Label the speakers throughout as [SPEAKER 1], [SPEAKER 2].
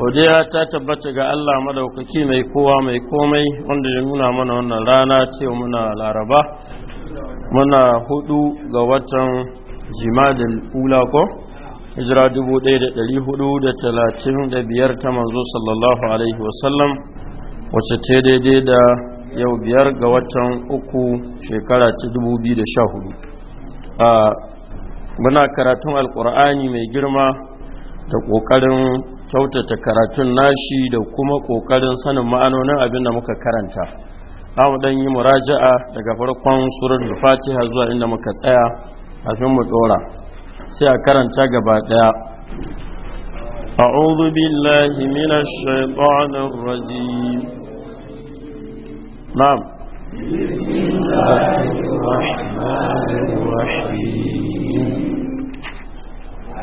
[SPEAKER 1] godiya ta tabbata ga Allah madaukaki mai kowa mai komai wanda ya nuna mana wannan rana ce muna laraba muna hudu ga watan jimadin ula ko hijira 1435 ta manzo sallallahu alaihi wasallam wacce ce daidai da yau biyar ga watan uku shekara ta hudu? muna karatun alkur'ani mai girma da ƙoƙarin kyautata karatun nashi da kuma ƙoƙarin sanin ma'anonin abin da muka karanta mu dan yi muraja'a daga farkon surar fatiha zuwa inda muka tsaya kafin mu ɗora sai a karanta gaba ɗaya أعوذ بالله من الشيطان الرجيم نعم
[SPEAKER 2] بسم الله الرحمن
[SPEAKER 1] الرحيم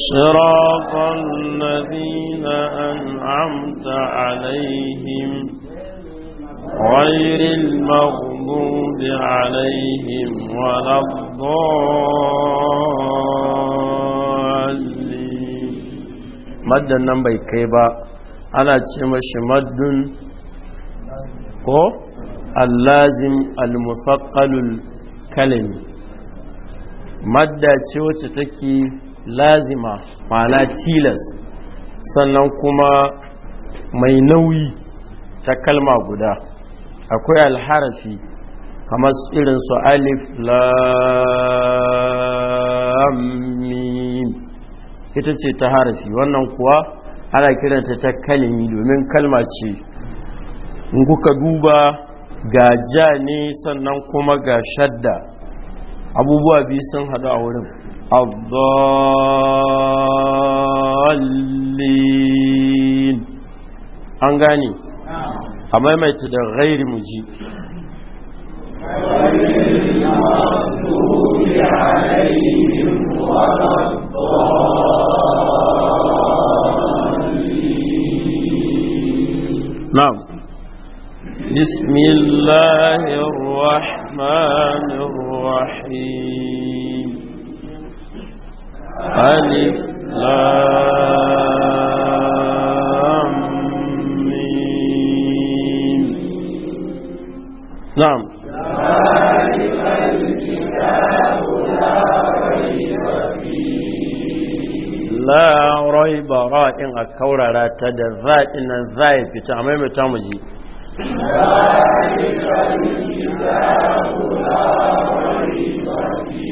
[SPEAKER 1] صراط
[SPEAKER 3] الذين أنعمت عليهم غير المغضوب عليهم ولا
[SPEAKER 1] الضالين مد النمبر كيبا أنا تشمش مد ko allazim almusakkalul kalami madda ce wacce take lazima ma'ana tilas sannan kuma mai nauyi ta kalma guda akwai alharafi kamar irin su alif lamim ita ce ta harafi wannan kuwa ana kiranta ta kalimi domin kalma ce in kuka duba ga ja ne sannan kuma ga shadda abubuwa biyu sun hadu a wurin الضالين أن غاني أما ما يتدى غير مجيب نعم بسم الله
[SPEAKER 3] الرحمن الرحيم
[SPEAKER 2] alif lam mim
[SPEAKER 1] na'am la raiba in a kaurara ta da za'in nan za'i fita a maimaita mu ji
[SPEAKER 2] ذلك الكتاب لا ريب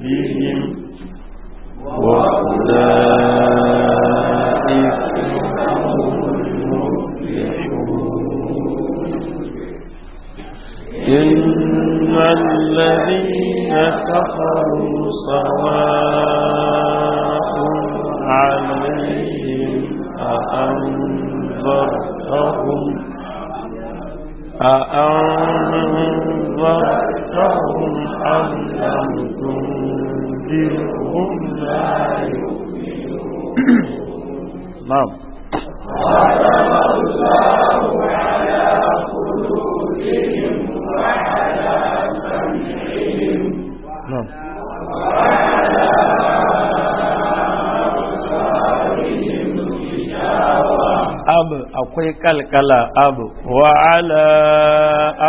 [SPEAKER 2] ربهم وأولئك هم المفلحون إن
[SPEAKER 3] الذين كفروا سواء عليهم أأنذرتهم أأنذرتهم
[SPEAKER 1] نعم ختم الله
[SPEAKER 2] على قلوبهم وعلى سمعهم وعلى أبصارهم غشاوة
[SPEAKER 1] أب أقوي كالكلا أب وعلى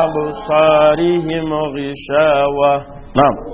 [SPEAKER 1] أبصارهم غشاوة نعم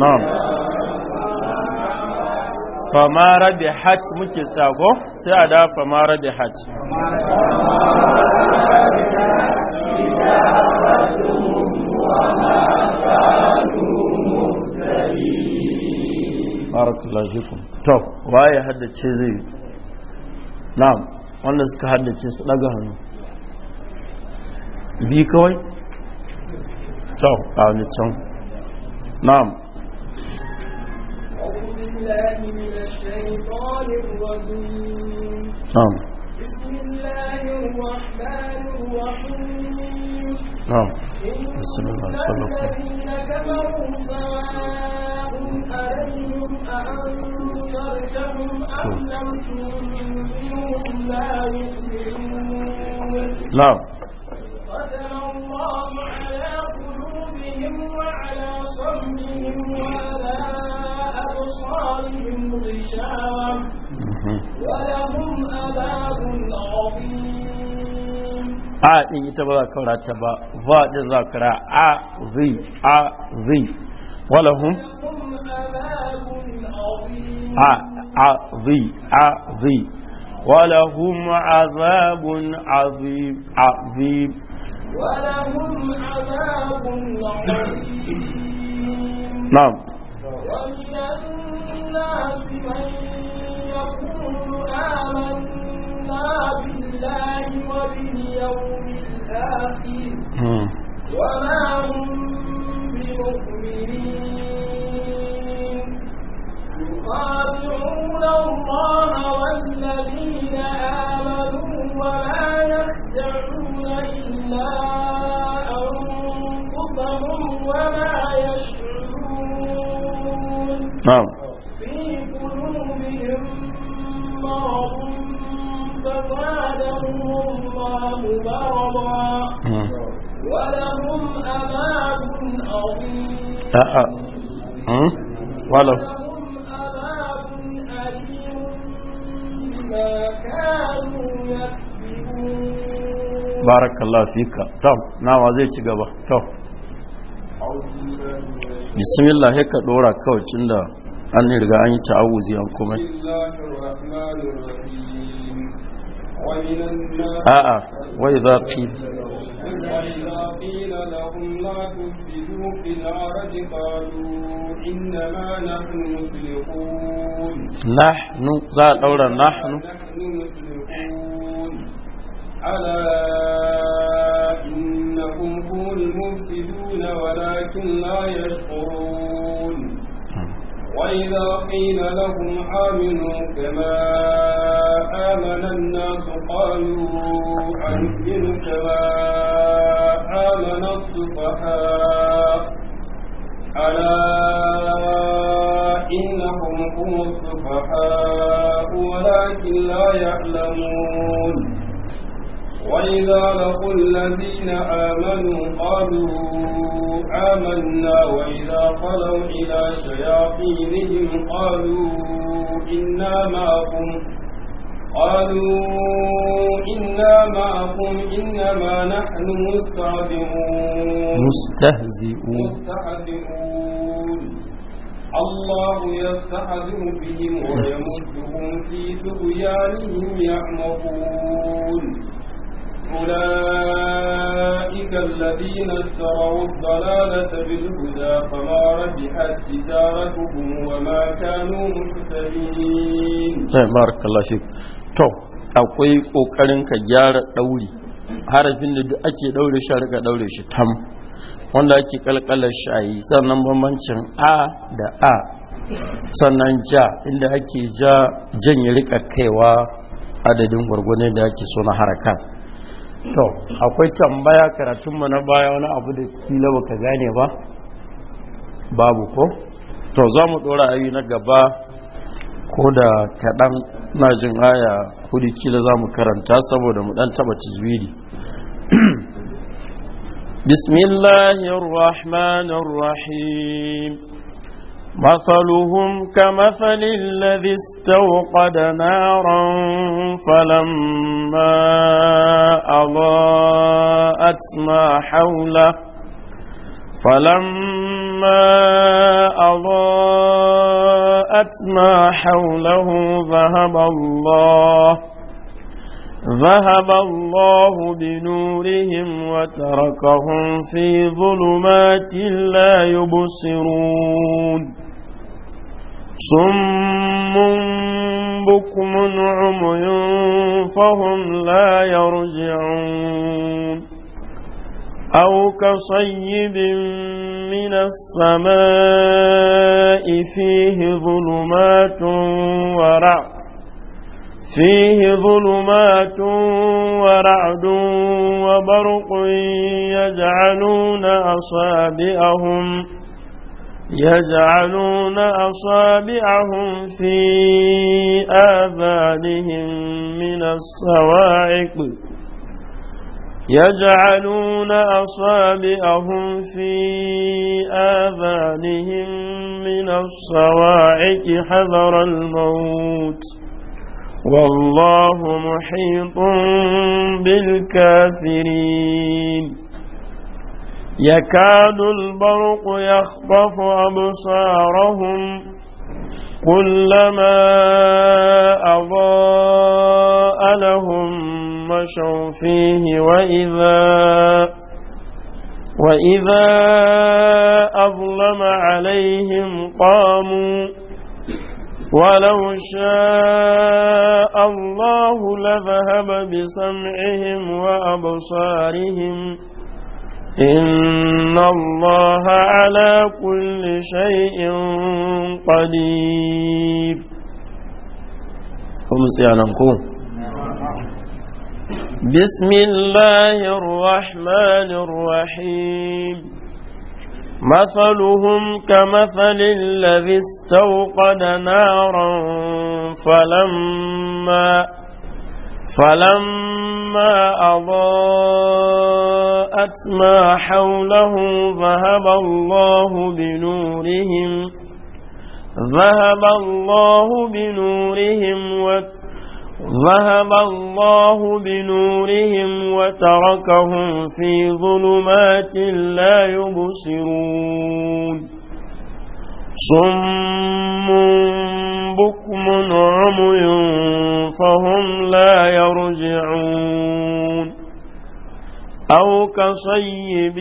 [SPEAKER 1] Nam. famara da hat muke tsago sai a da famara da hat barakallahu fikum to waye haddace zai na'am wanda suka haddace su daga hannu bi kawai to a wani can na'am
[SPEAKER 3] نعم بسم الله
[SPEAKER 4] الرحمن الرحيم نعم صلى الله عليه وسلم
[SPEAKER 2] نعم ختم الله على قلوبهم وعلى صمهم وعلى أبصارهم غشاوة ولهم
[SPEAKER 1] a din ita ba za ka karata ba va din za ka ra a zi a zi walahum a a zi a zi walahum azabun azim azim ولهم
[SPEAKER 2] عذاب
[SPEAKER 1] عظيم نعم
[SPEAKER 2] ومن الناس من يقول آمنا آمنا بالله وباليوم الآخر وما هم بمؤمنين يخادعون الله والذين آمنوا وما يخدعون إلا أنفسهم وما
[SPEAKER 4] يشعرون نعم
[SPEAKER 2] ولهم عذاب عظيم
[SPEAKER 1] ولهم عذاب
[SPEAKER 4] أليم كانوا يكسبون
[SPEAKER 1] بارك الله فيك طب نعم زي تشغبا طب بسم الله هيك دورا كوتش inda an riga an yi ta'awuzi an kuma
[SPEAKER 3] a'a
[SPEAKER 4] wa idza qil
[SPEAKER 3] nahnu za a daura nahnu ala innakum kulli mufsiduna walakin la yashkurun وإذا قيل لهم آمنوا كما آمن الناس قالوا أنؤمن كما آمن الصفحاء ألا إنهم هم الصفحاء ولكن لا يعلمون وإذا لقوا الذين آمنوا قالوا آمنا وإذا خلوا إلى شياطينهم قالوا إنا معكم قالوا إنا معكم إنما نحن مستهزئون
[SPEAKER 1] مستهزئون
[SPEAKER 3] الله يستهزئ بهم ويمدهم في طغيانهم يعمقون أولئك الذين اشتروا الضلالة بالهدى فما ربحت تجارتهم وما كانوا
[SPEAKER 1] مهتدين بارك الله فيك تو akwai kokarin ka gyara ɗauri harafin da duk ake daure shi rika daure shi tam wanda ake kalkalar shayi sannan bambancin a da a sannan ja inda ake ja jan ya rika kaiwa adadin gwargwane da ake so na harakan to akwai tambaya karatunmu na baya wani abu da sila baka gane ba babu ko to za mu dora ayi na gaba ko da kaɗan na jin aya kudi kila za mu karanta saboda mu ɗan taɓa tizwiri bismillahirrahmanirrahim مثلهم كمثل الذي استوقد نارا فلما أضاءت ما
[SPEAKER 3] حوله فلما أضاءت ما حوله ذهب الله
[SPEAKER 1] ذهب الله بنورهم وتركهم في ظلمات لا يبصرون
[SPEAKER 3] صم بكم عمي
[SPEAKER 1] فهم لا يرجعون أو كصيب من السماء فيه ظلمات ورعد فيه
[SPEAKER 3] ظلمات ورعد وبرق يجعلون أصابئهم يجعلون
[SPEAKER 1] أصابعهم في آذانهم من الصواعق يجعلون
[SPEAKER 3] أصابعهم في آذانهم من الصواعق حذر الموت والله
[SPEAKER 1] محيط بالكافرين يكاد
[SPEAKER 3] البرق يخطف
[SPEAKER 1] أبصارهم
[SPEAKER 3] كلما أضاء لهم مشوا فيه وإذا
[SPEAKER 1] وإذا
[SPEAKER 3] أظلم عليهم قاموا ولو شاء الله لذهب بسمعهم وأبصارهم
[SPEAKER 1] إن الله على كل شيء قدير بسم الله الرحمن الرحيم مثلهم كمثل الذي استوقد نارا فلما فلما أضاءت
[SPEAKER 3] ما حوله ذهب الله بنورهم ذهب الله بنورهم وت ذهب
[SPEAKER 1] الله بنورهم وتركهم في ظلمات لا يبصرون
[SPEAKER 3] صم بكم عمي فهم
[SPEAKER 1] لا يرجعون أو كصيب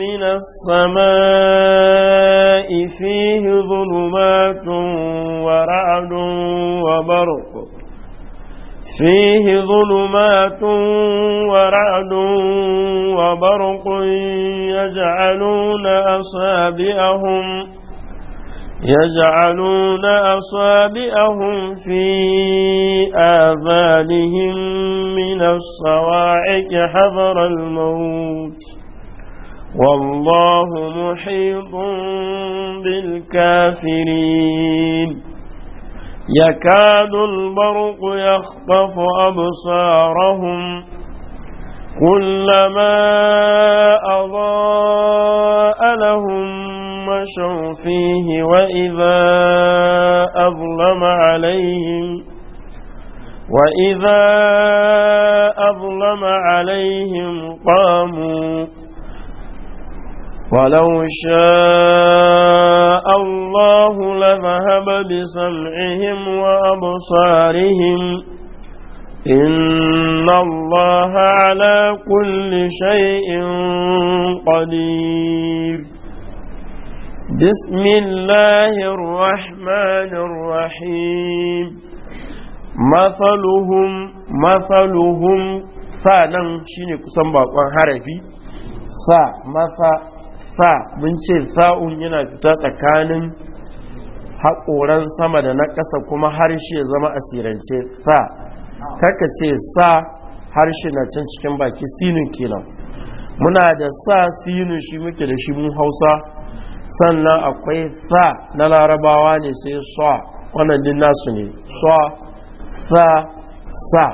[SPEAKER 1] من السماء فيه ظلمات ورعد وبرق
[SPEAKER 3] فيه ظلمات ورعد وبرق
[SPEAKER 1] يجعلون أصابعهم يجعلون أصابئهم في
[SPEAKER 3] آذانهم من الصواعق حذر الموت
[SPEAKER 1] والله محيط بالكافرين يكاد البرق يخطف أبصارهم كلما
[SPEAKER 3] أضاء لهم
[SPEAKER 1] مشوا فيه وإذا أظلم عليهم وإذا أظلم عليهم قاموا ولو شاء الله
[SPEAKER 3] لذهب بسمعهم وأبصارهم
[SPEAKER 1] إن الله على كل شيء قدير بسم الله الرحمن الرحيم مثلهم مثلهم nan shine kusan bakon harafi sa sa mun ce sa'un yana fita tsakanin haƙoran sama da na ƙasa kuma ya zama asirance sa kaka ce sa harshe na can cikin baki sinin kenan muna da sa sinin shi muke da shi mun hausa sannan akwai sa na larabawa ne sai sa wannan din nasu ne sa sa sa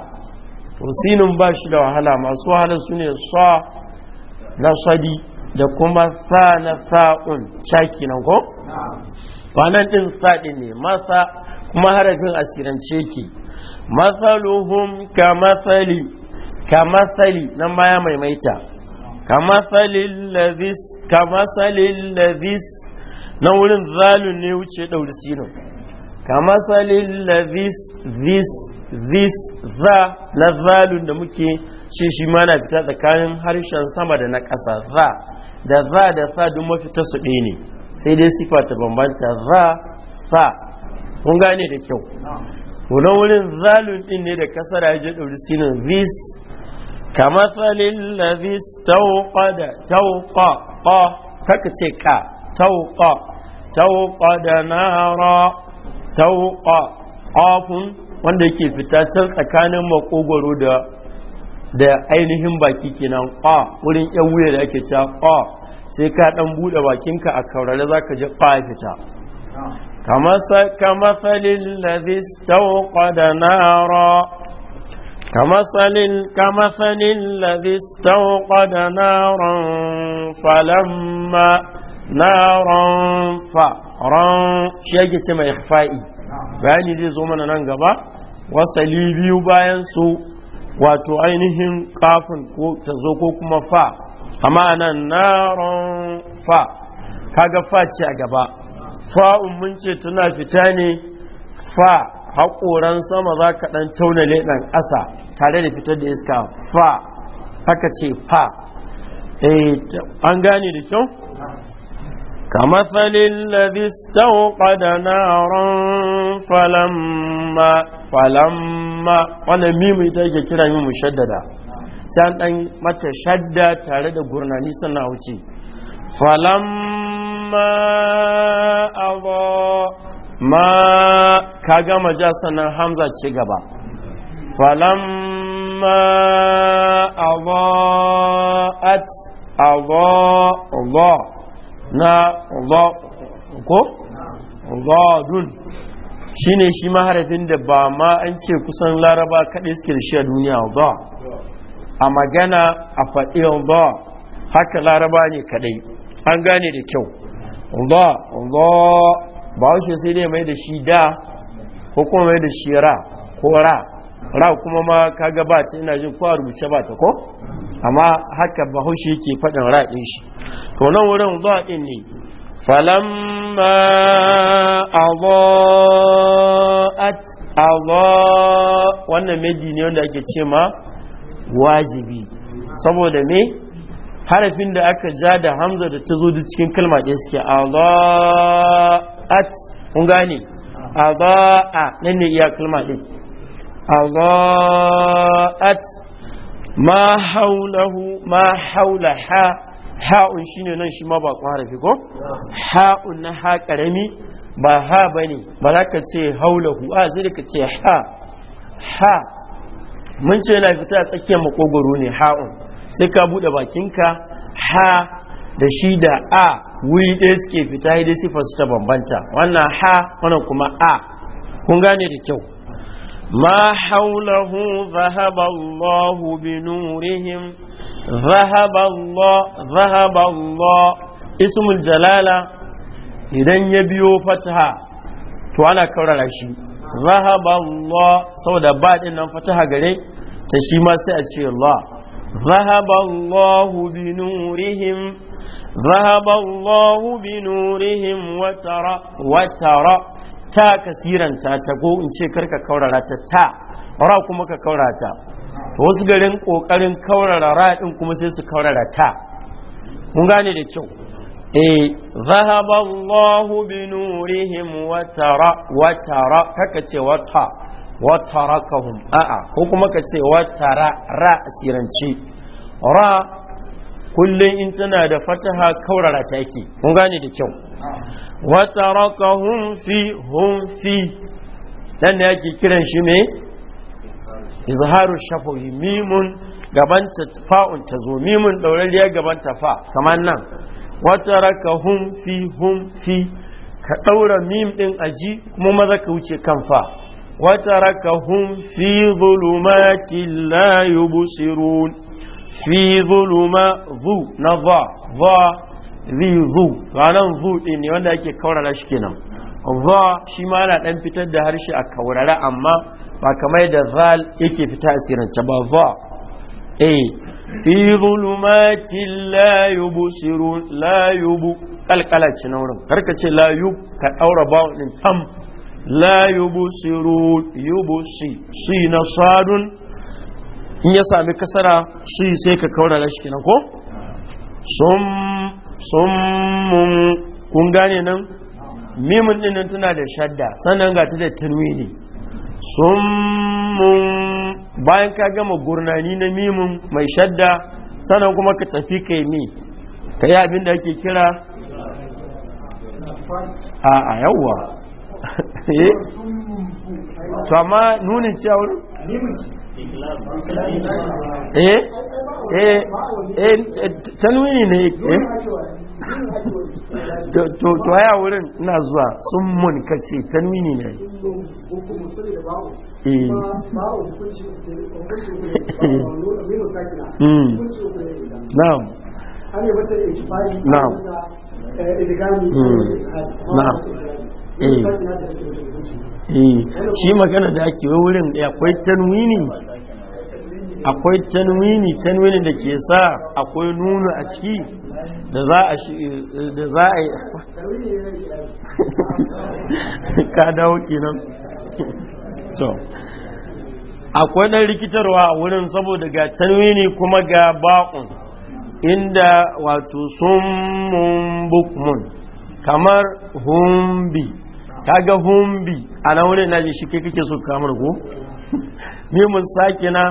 [SPEAKER 1] to sinin ba shi da wahala masu wahala su ne sa na sadi da kuma sa na sa'un caki nan ko? nan din sa ne masa kuma harafin asirance ke masaluhum kamasali kamasali nan baya maimaita kamasalin lazis na lazis nan wurin zalun ne wuce ɗauri sino kamasalin lavis this this za na zalun da muke ce shi ma na fita tsakanin harshen sama da na ƙasa za da za da sa duk mafita su ɗaya ne sai dai sifa ta bambanta za sa kun gane da kyau to na wurin zalun din ne da kasara ya je ɗauri sinin this kamathalin tauƙa da tauƙa ƙa kaka ce ka tawqa tawqada nara tauƙa qafun wanda yake fita can tsakanin makogoro da da ainihin baki kenan ƙa wurin yan wuya da ake ca ƙa sai ka ɗan buɗe bakinka a kaurare ka je qa fita كمثل الذي استوقد نارا كمثل كمثل الذي استوقد نارا فلما نارا فأرا شيء كما إخفائي bayani zai zo mana nan gaba wasali biyu bayan su wato ainihin kafin ko ta zo ko kuma fa amma nan naron fa kaga fa ce a gaba fa'un mun ce tuna fita ne fa haƙoran sama za ka ɗan tauna leɗen ƙasa tare da fitar da iska fa aka ce fa eh, an gane da kyau كمثل الذي استوقد نارا falamma. Falamma. wannan mimu ita yake kira mu shaddada sai an mata shadda tare da gurnani sannan wuce Falamma. ma adha ma kaga maja hamza ci gaba falamma adha'at نا na كو ko دون shine shi maharafin da ba ma an ce kusan laraba kaɗai suke da shi a duniya ba a magana a faɗi ba haka laraba ne kaɗai an gane da kyau Allah, Allah ba shi sai dai mai da shi da ko kuma mai da shi ra ko ra ra kuma ma ka ba ta ina jin kowa rubuce ba ta ko amma haka bahaushe yake faɗin ra ɗin shi to nan wurin ba ɗin ne falamma adat Allah wannan medi ne wanda ake ce ma wajibi saboda me harafin da aka ja da hamza da ta zo da cikin kalma ɗaya suke adha'at kun gane adha'a nan ne iya kalma ɗin adha'at ma haulahu ma haula ha ha'un shine nan shi ma ba harafi ko ha'un na ha karami ba ha ne ba za ka ce haulahu a da ka ce ha ha mun ce na fita a tsakiyar makogoro ne ha'un sai ka bude bakinka ha da shi da a wuri ɗaya suke fita dai sifar su ta bambanta wannan ha wannan kuma a kun gane da kyau ma haulahu zahaba Allah bi nurihim zahaba Allah zahaba Allah ismul jalala idan ya biyo fataha to ana kaurara shi zahaba Allah saboda ba din nan fataha gare ta shi ma sai a ce Allah ذهب الله بنورهم ذهب الله بنورهم وترى وترى تا in ce karka ka ta ta ra kuma ka kaurara wasu garin ƙoƙarin kaurara ra din kuma sai su kaurara ta mun gane da kyau eh zahaba Allahu bi nurihim wa tara wa ce wa watarakahum a'a ko kuma ka ce watara ra asiranci ra kullum in tana da fataha kaurara ta yake. kun gane da kyau watarakahum fi hum fi dan ne yake kiran shi me izharu shafawi mimun gaban ta ta zo, mimun daurariya gaban ta fa. kamar nan watarakahum fi hum fi ka ɗaura mim din aji kuma maza ka wuce kan fa وتركهم في ظلمات لا يبصرون في ظلمات ذو نضع ضع ذي ذو ranar zu ɗin ne wanda ake kaurara shi kenan za shi ma ana ɗan fitar da harshe a kaurara amma ba kamar da zal yake fita a sirance ba za eh fi zulumati la yubsirun la yubu kalkala ce na wurin karka ce la ka ɗaura bawon din tam la si na sadun in ya sami kasara si sai ka kaurara shi kenan ko sum summun kun gane nan mimun din nan tana da shadda sannan ga ta da tanwini summun bayan ka gama gurnani na mimun mai shadda sannan kuma ka tafi kai mi ka yi abin ake kira a yawwa Eh? to amma nunin cewa
[SPEAKER 2] eh eh eh tanwini ne eh
[SPEAKER 1] to haya wurin ina zuwa sun mun kace tanwini ne
[SPEAKER 2] eh.
[SPEAKER 4] hmm. na'am na'am eh, hmm. na'am Eh. Eh. shi magana
[SPEAKER 1] da ake wurin akwai tanwini akwai tanwini tanwini da ke sa akwai nuna a ciki da za a shi da za a yi
[SPEAKER 4] ka dawo
[SPEAKER 1] kenan so akwai ɗan rikitarwa a wurin saboda ga tanwini kuma ga baƙon inda wato sun mun bukmun kamar humbi kaga humbi a na wurin naji shi kai kake so ka kamar ko mimun sake na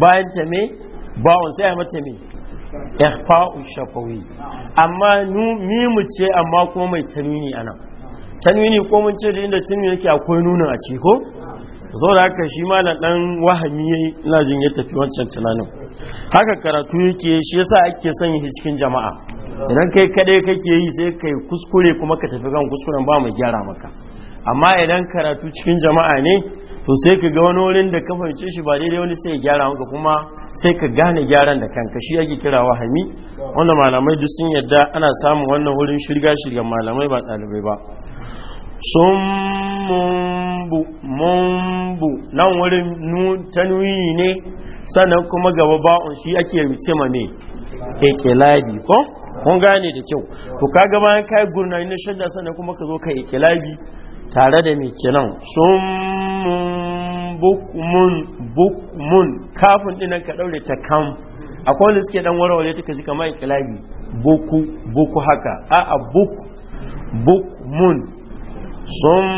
[SPEAKER 1] bayan ta me bawon sai a mata me ihfa'u shafawi amma mu ce amma kuma mai tanwini anan tanwini ko mun ce da inda tanwini yake akwai nunin a ciki ko zo da haka shi malam dan wahami yayi ina jin ya tafi wancan tunanin haka karatu yake shi yasa ake son yi cikin jama'a idan kai kadai kake yi sai kai kuskure kuma ka tafi kan kuskuren ba mu gyara maka amma idan karatu cikin jama'a ne to sai ka ga wani wurin da ka fahimce shi ba daidai wani sai ya gyara maka kuma sai ka gane gyaran da kanka shi ake kira Hami. wanda malamai duk sun yadda ana samun wannan wurin shirga shirga malamai ba ɗalibai ba sun mumbu mumbu nan wurin nuyi ne sannan kuma gaba ba'un shi ake ce ma me ikiladi ko kun gane da kyau to kaga bayan kai gurnani na shadda sannan kuma ka zo ka ikilabi tare da mai kenan sun bukmun bukmun kafin dinan ka daure ta kam akwai wanda suke dan warware ta ji kamar ikilabi buku buku haka a a buk bukmun sun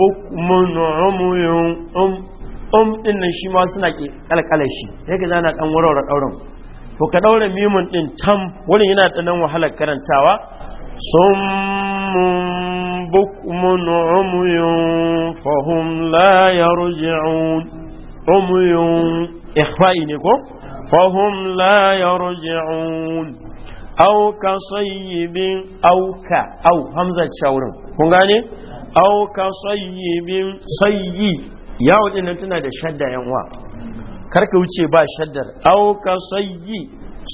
[SPEAKER 1] bukmun umuyun um um din nan shi ma suna ke kalkalashi yake zana dan warware dauran to ka daure mimun din tam wurin yana da nan wahalar karantawa summun bukmun umuyun fahum la yarji'un umuyun ikhfa'i ne ko fahum la yarji'un auka sayyibin auka au hamza shaurin kun gane auka sayyibin sayyi yawon nan tana da shadda yan kar ka wuce ba shaddar au ka sayyi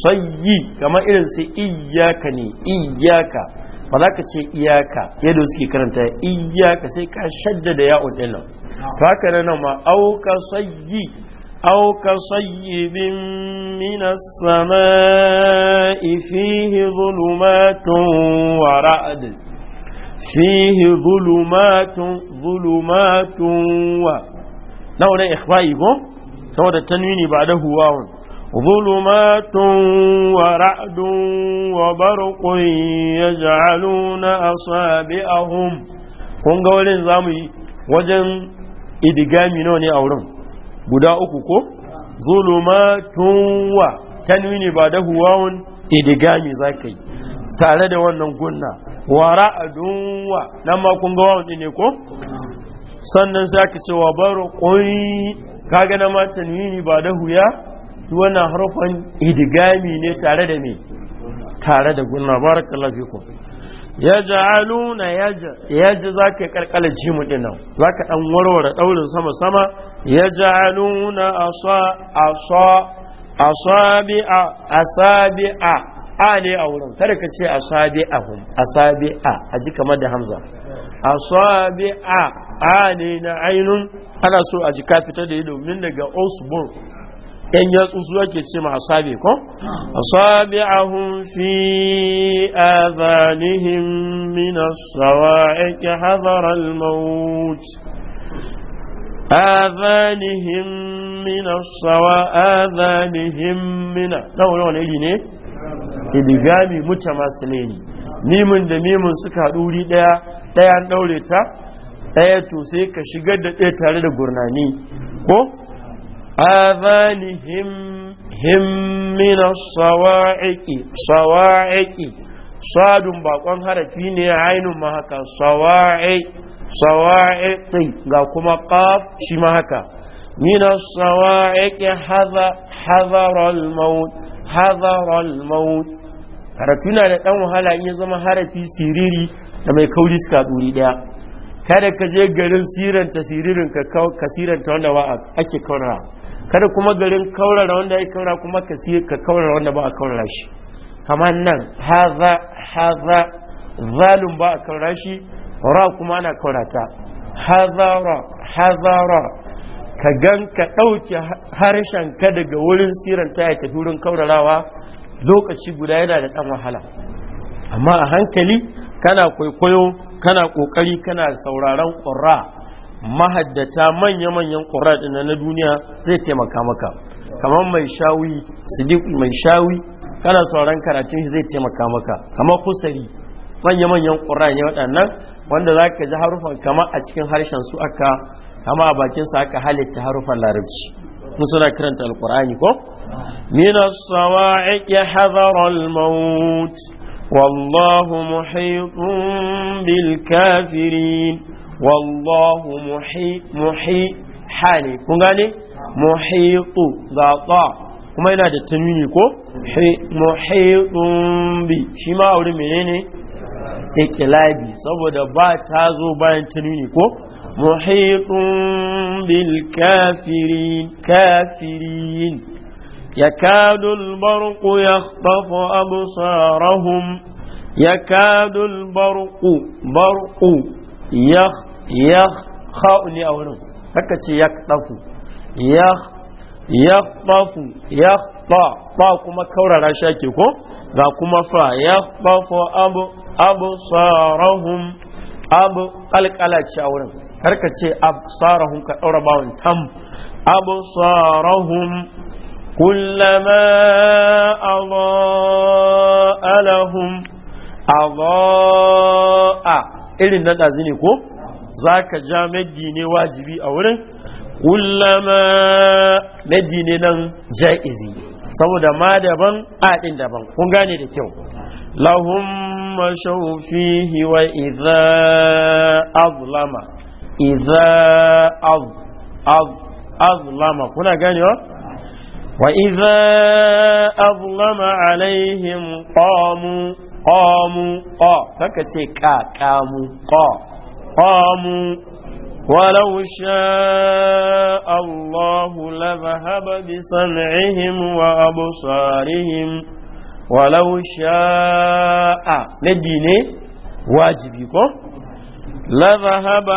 [SPEAKER 1] sayyi kamar irin sai iyaka ne iyaka ba za ka ce iyaka yadda suke karanta iyaka sai ka shaddada ya'un din nan to haka nan ma au ka sayyi sama'i fihi من wa ra'd fihi ورعد فيه wa ظلمات و ikhfai ko? saboda tanwini ba da huwawun ظلمات ورعد وبرق يجعلون أصابعهم kun ga wurin za mu yi wajen idigami nawa ne a wurin guda uku ko zulumatun wa tanwini ba da huwawun idigami za ka tare da wannan gunna wa ra'adun wa nan ma kun ga wawun ne ko sannan sai aka ce wa baro Ka gana ma tanwini ba da huya su wannan harfan idigami ne tare da me tare da gunna barakallahu fikum ya ja'aluna ya ji za ka karkala jimu din nan za ka dan warware daurin sama sama ya ja'aluna asa asa asabi'a asabi'a a ne a wurin kada ka ce asabi'ahum asabi'a a ji kamar da hamza asabi'a a ne na ainun ana so a jika fita da yi domin daga osbor yan yatsu zuwa ake ce ma asabi ko asabi ahun fi azanihim min as-sawa'iq hadara maut azanihim min as-sawa azanihim min nawa nawa ne ne mutama mutamasilin mimin da mimin suka haɗu wuri ɗaya ɗaya ɗaure ta ɗaya to sai ka shigar da ɗaya tare da gurnani ko azanihim him min sawa'iqi sawa'iqi sadun bakon harafi ne ainun ma haka sawa'i ga kuma ƙaf shi ma haka min sawa'iqi hadha maut hazarar maut harafi na da ɗan wahala in zama harafi siriri da mai kauri suka ɗuri ɗaya. kada ka je garin siranta siririn ka siranta wanda ba ake kaurara kada kuma garin kaurara wanda ake kaurara kuma ka ka kaurara wanda ba a kaurara shi Kamar nan haza haza zalun ba a kaurara shi ra kuma ana kaurata haza ra haza ka gan ka ɗauke harshen ka daga wurin siranta ya tafi wurin kaurarawa lokaci guda yana da ɗan wahala amma a hankali kana kwaikwayo kana kokari kana sauraron ƙura mahaddata manya-manyan ƙura ɗina na duniya zai taimaka maka kamar mai shawi sidik mai shawi kana sauraron karatun shi zai taimaka maka kamar kusari manya-manyan ƙura ne waɗannan wanda za ka ji harufan kama a cikin harshen su aka kama a bakin sa aka halitta harufan larabci mun suna karanta alƙur'ani ko Minas sawaiq والله محيط بالكافرين والله محيط محيط حالي kun gane da tanwini ko menene ikilabi saboda ba ta zo bayan ko muhitun bil kafirin يكاد البرق يخطف أبصارهم يكاد البرق برق يخ يخ خاء أولو هكذا يخطف يخ يخطف يخطا طا كما كورا رشاكي كو كما فا يخطف أب أبصارهم أب قلقلات شاورن هكذا أبصارهم كأورا باون تم أبصارهم كلما أضاء لهم أضاء إلي ندى ja ذاك جامع ديني واجبي أولا كلما مديني نن جائزي saboda ma daban a daban kun gane da kyau lahum mashau fihi wa idza azlama idza az az kuna ganewa وإذا أظلم عليهم قاموا قاموا قا فكتي كا قاموا قا قاموا ولو شاء الله لذهب بسمعهم وأبصارهم ولو شاء لديني واجبكم لذهب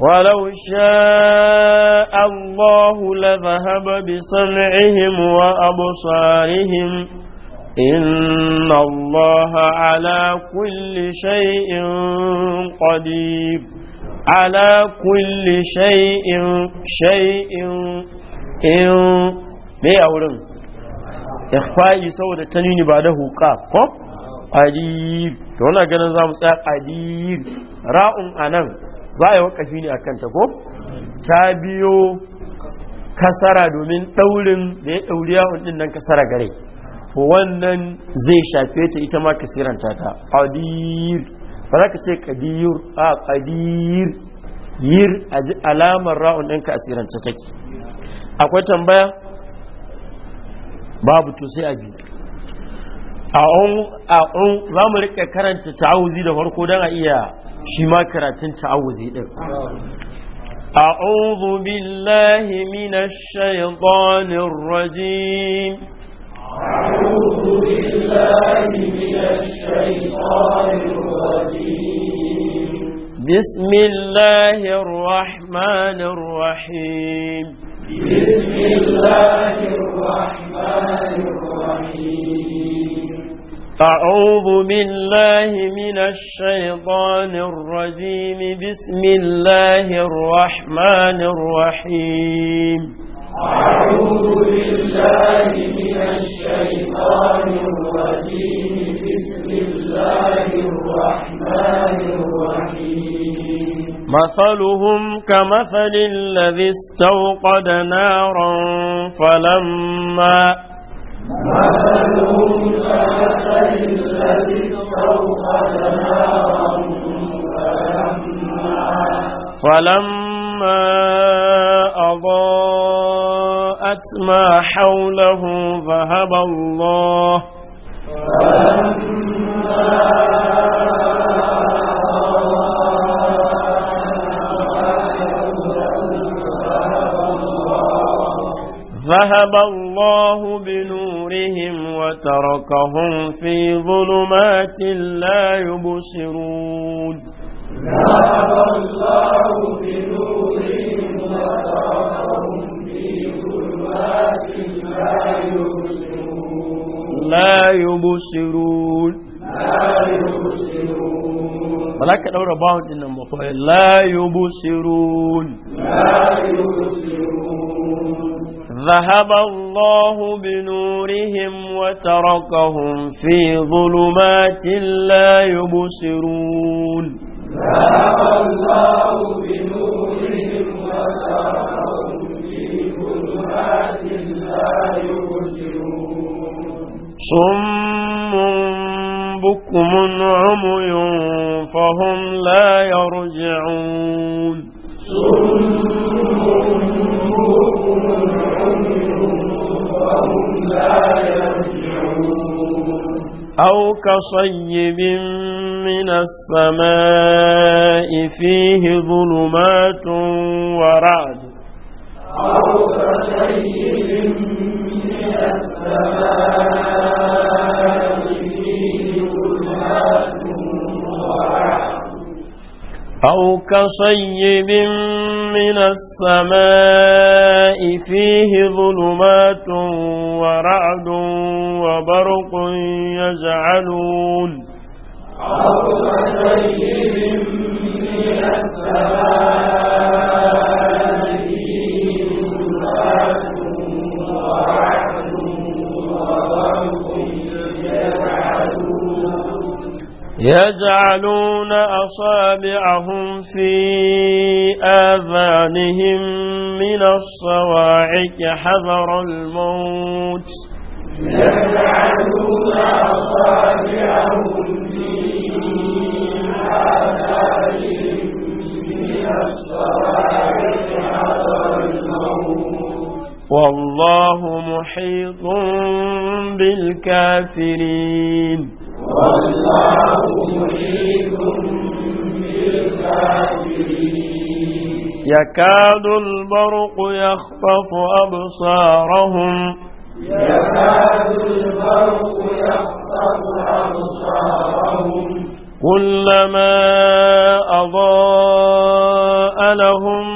[SPEAKER 1] ولو شاء الله لذهب بصنعهم وأبصارهم إن الله على كل شيء قدير على كل شيء شيء إن ليه أولم إخفاء سوى التنين بعده قاف قدير هنا قلنا زام قدير راء أنام za a yi wakafi ne a kanta ko ta biyo kasara domin ɗaurin da ya ɗauri yawon ɗin nan kasara gare wannan zai shafe ta ita ma ka siranta ta qadir ba za ka ce qadir a qadir yir alamar ra'un ɗinka ta take akwai tambaya babu to sai a biyu a un za mu rika karanta ta'auzi da farko don a iya shi ma karatun ta'awuzi din أعوذ بالله من الشيطان الرجيم أعوذ
[SPEAKER 2] بالله من الشيطان
[SPEAKER 1] الرجيم بسم الله الرحمن الرحيم بسم الله الرحمن الرحيم أعوذ بالله من الشيطان الرجيم بسم الله الرحمن الرحيم أعوذ
[SPEAKER 2] بالله من الشيطان الرجيم بسم الله الرحمن الرحيم
[SPEAKER 1] مثلهم كمثل الذي استوقد نارا فلما مثلهم
[SPEAKER 2] كمثل الذي استوقد نارا
[SPEAKER 1] فلما
[SPEAKER 3] أضاءت ما حوله ذهب الله فلما
[SPEAKER 2] ذهب
[SPEAKER 1] الله بنورهم وتركهم في ظلمات لا يبصرون
[SPEAKER 2] ذهب الله بنورهم وتركهم في ظلمات لا يبصرون
[SPEAKER 3] لا
[SPEAKER 1] يبصرون لا يبصرون ba za ka ɗaura bawon ɗin nan ذهب الله بنورهم وتركهم في ظلمات لا يبصرون
[SPEAKER 2] ذهب الله بنورهم وتركهم في ظلمات لا يبصرون
[SPEAKER 3] صم بكم عمي فهم لا يرجعون صم
[SPEAKER 1] أو كصيب من السماء فيه ظلمات ورعد
[SPEAKER 2] أو كصيب من السماء فيه ظلمات
[SPEAKER 1] ورعد أو كصيب من السماء فيه ظلمات ورعد وبرق يجعلون
[SPEAKER 2] أو كصيب من السماء
[SPEAKER 1] يجعلون أصابعهم في آذانهم من الصواعق حذر الموت يجعلون
[SPEAKER 2] أصابعهم في آذانهم من الصواعق حذر الموت
[SPEAKER 1] والله محيط بالكافرين والله محيط يكاد البرق يخطف أبصارهم يكاد البرق يخطف أبصارهم كلما أضاء لهم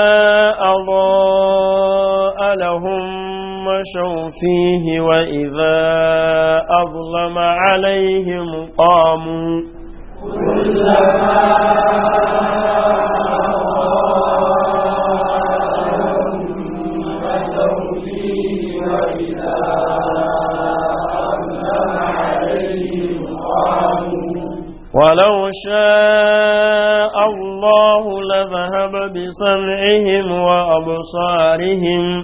[SPEAKER 1] مشوا فيه وإذا أظلم عليهم قاموا
[SPEAKER 2] كلما
[SPEAKER 1] ولو شاء الله لذهب بسمعهم وأبصارهم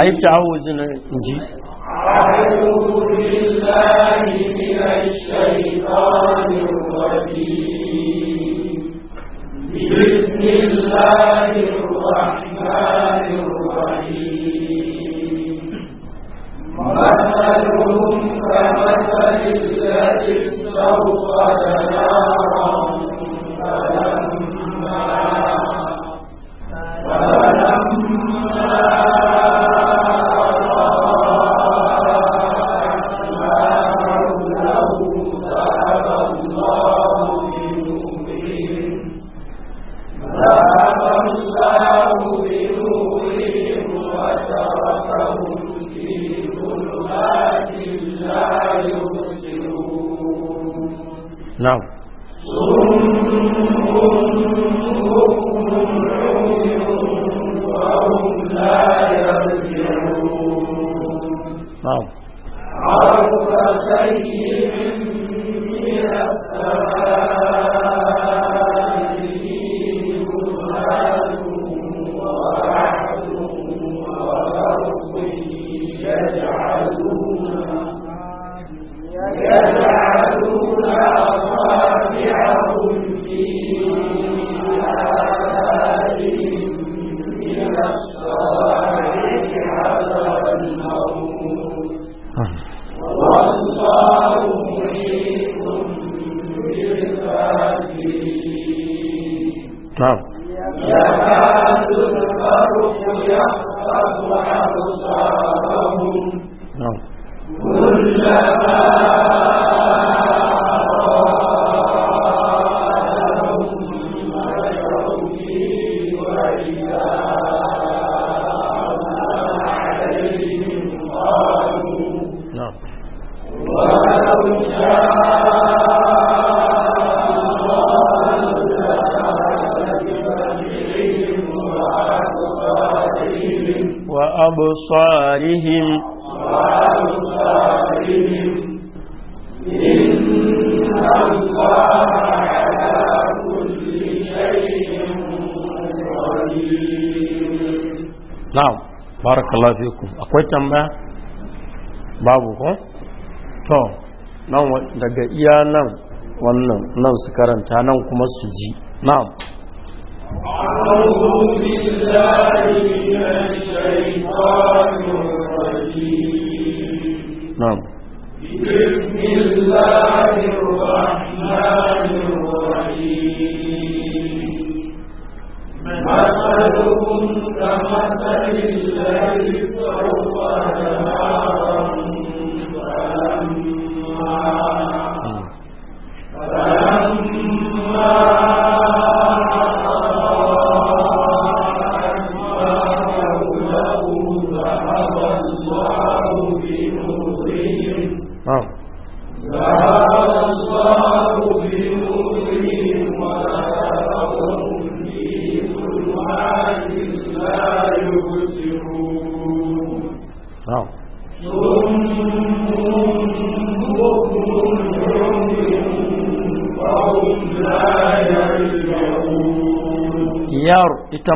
[SPEAKER 2] ai ta'awuz na inji بسم الله الرحمن الرحيم مثلهم كمثل الذي استوقد نارا
[SPEAKER 1] barakallahu fikum akwai tambaya babu ko to nan daga iya nan wannan nan su karanta nan kuma su ji na'am
[SPEAKER 2] أعوذ بسم الله الرحمن الرحيم نسألكم رحمة الله سوف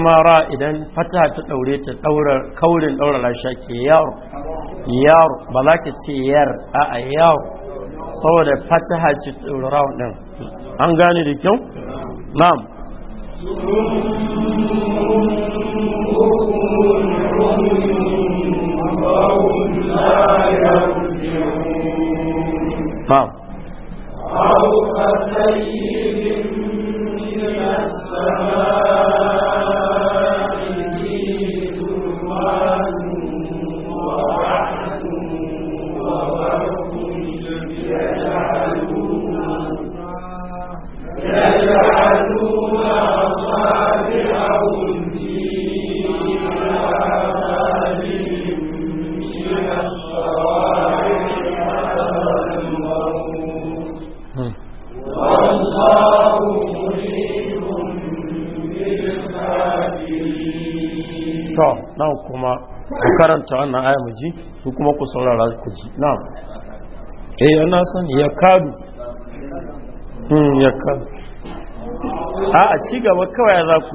[SPEAKER 1] damara idan fata ta daure ta daura kaurin daura rasha ke yaro yaro ba za ka ce yar a a yaro saboda fata ci daura din an gane da kyau na'am karanta wannan aya mu ji ku kuma ku saurara ku ji na'am eh ana sani ya kadu hmm ya kadu a a ci gaba kawai za ku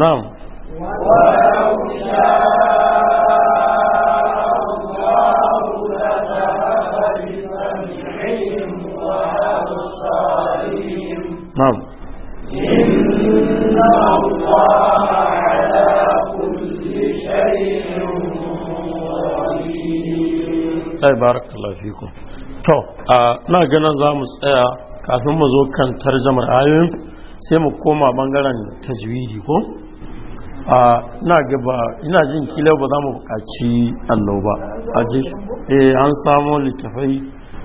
[SPEAKER 1] na'am ولو شاء
[SPEAKER 2] الله لذهب بسمعهم وأبصارهم
[SPEAKER 1] نعم إن
[SPEAKER 2] الله على كل شيء قدير
[SPEAKER 1] بارك الله فيكم na ganin za mu tsaya kafin mu zo kan tarjamar ayoyin sai mu koma bangaren tajwidi ko a na gaba ina jin kila ba za mu buƙaci allo ba a ji eh, an samu littafai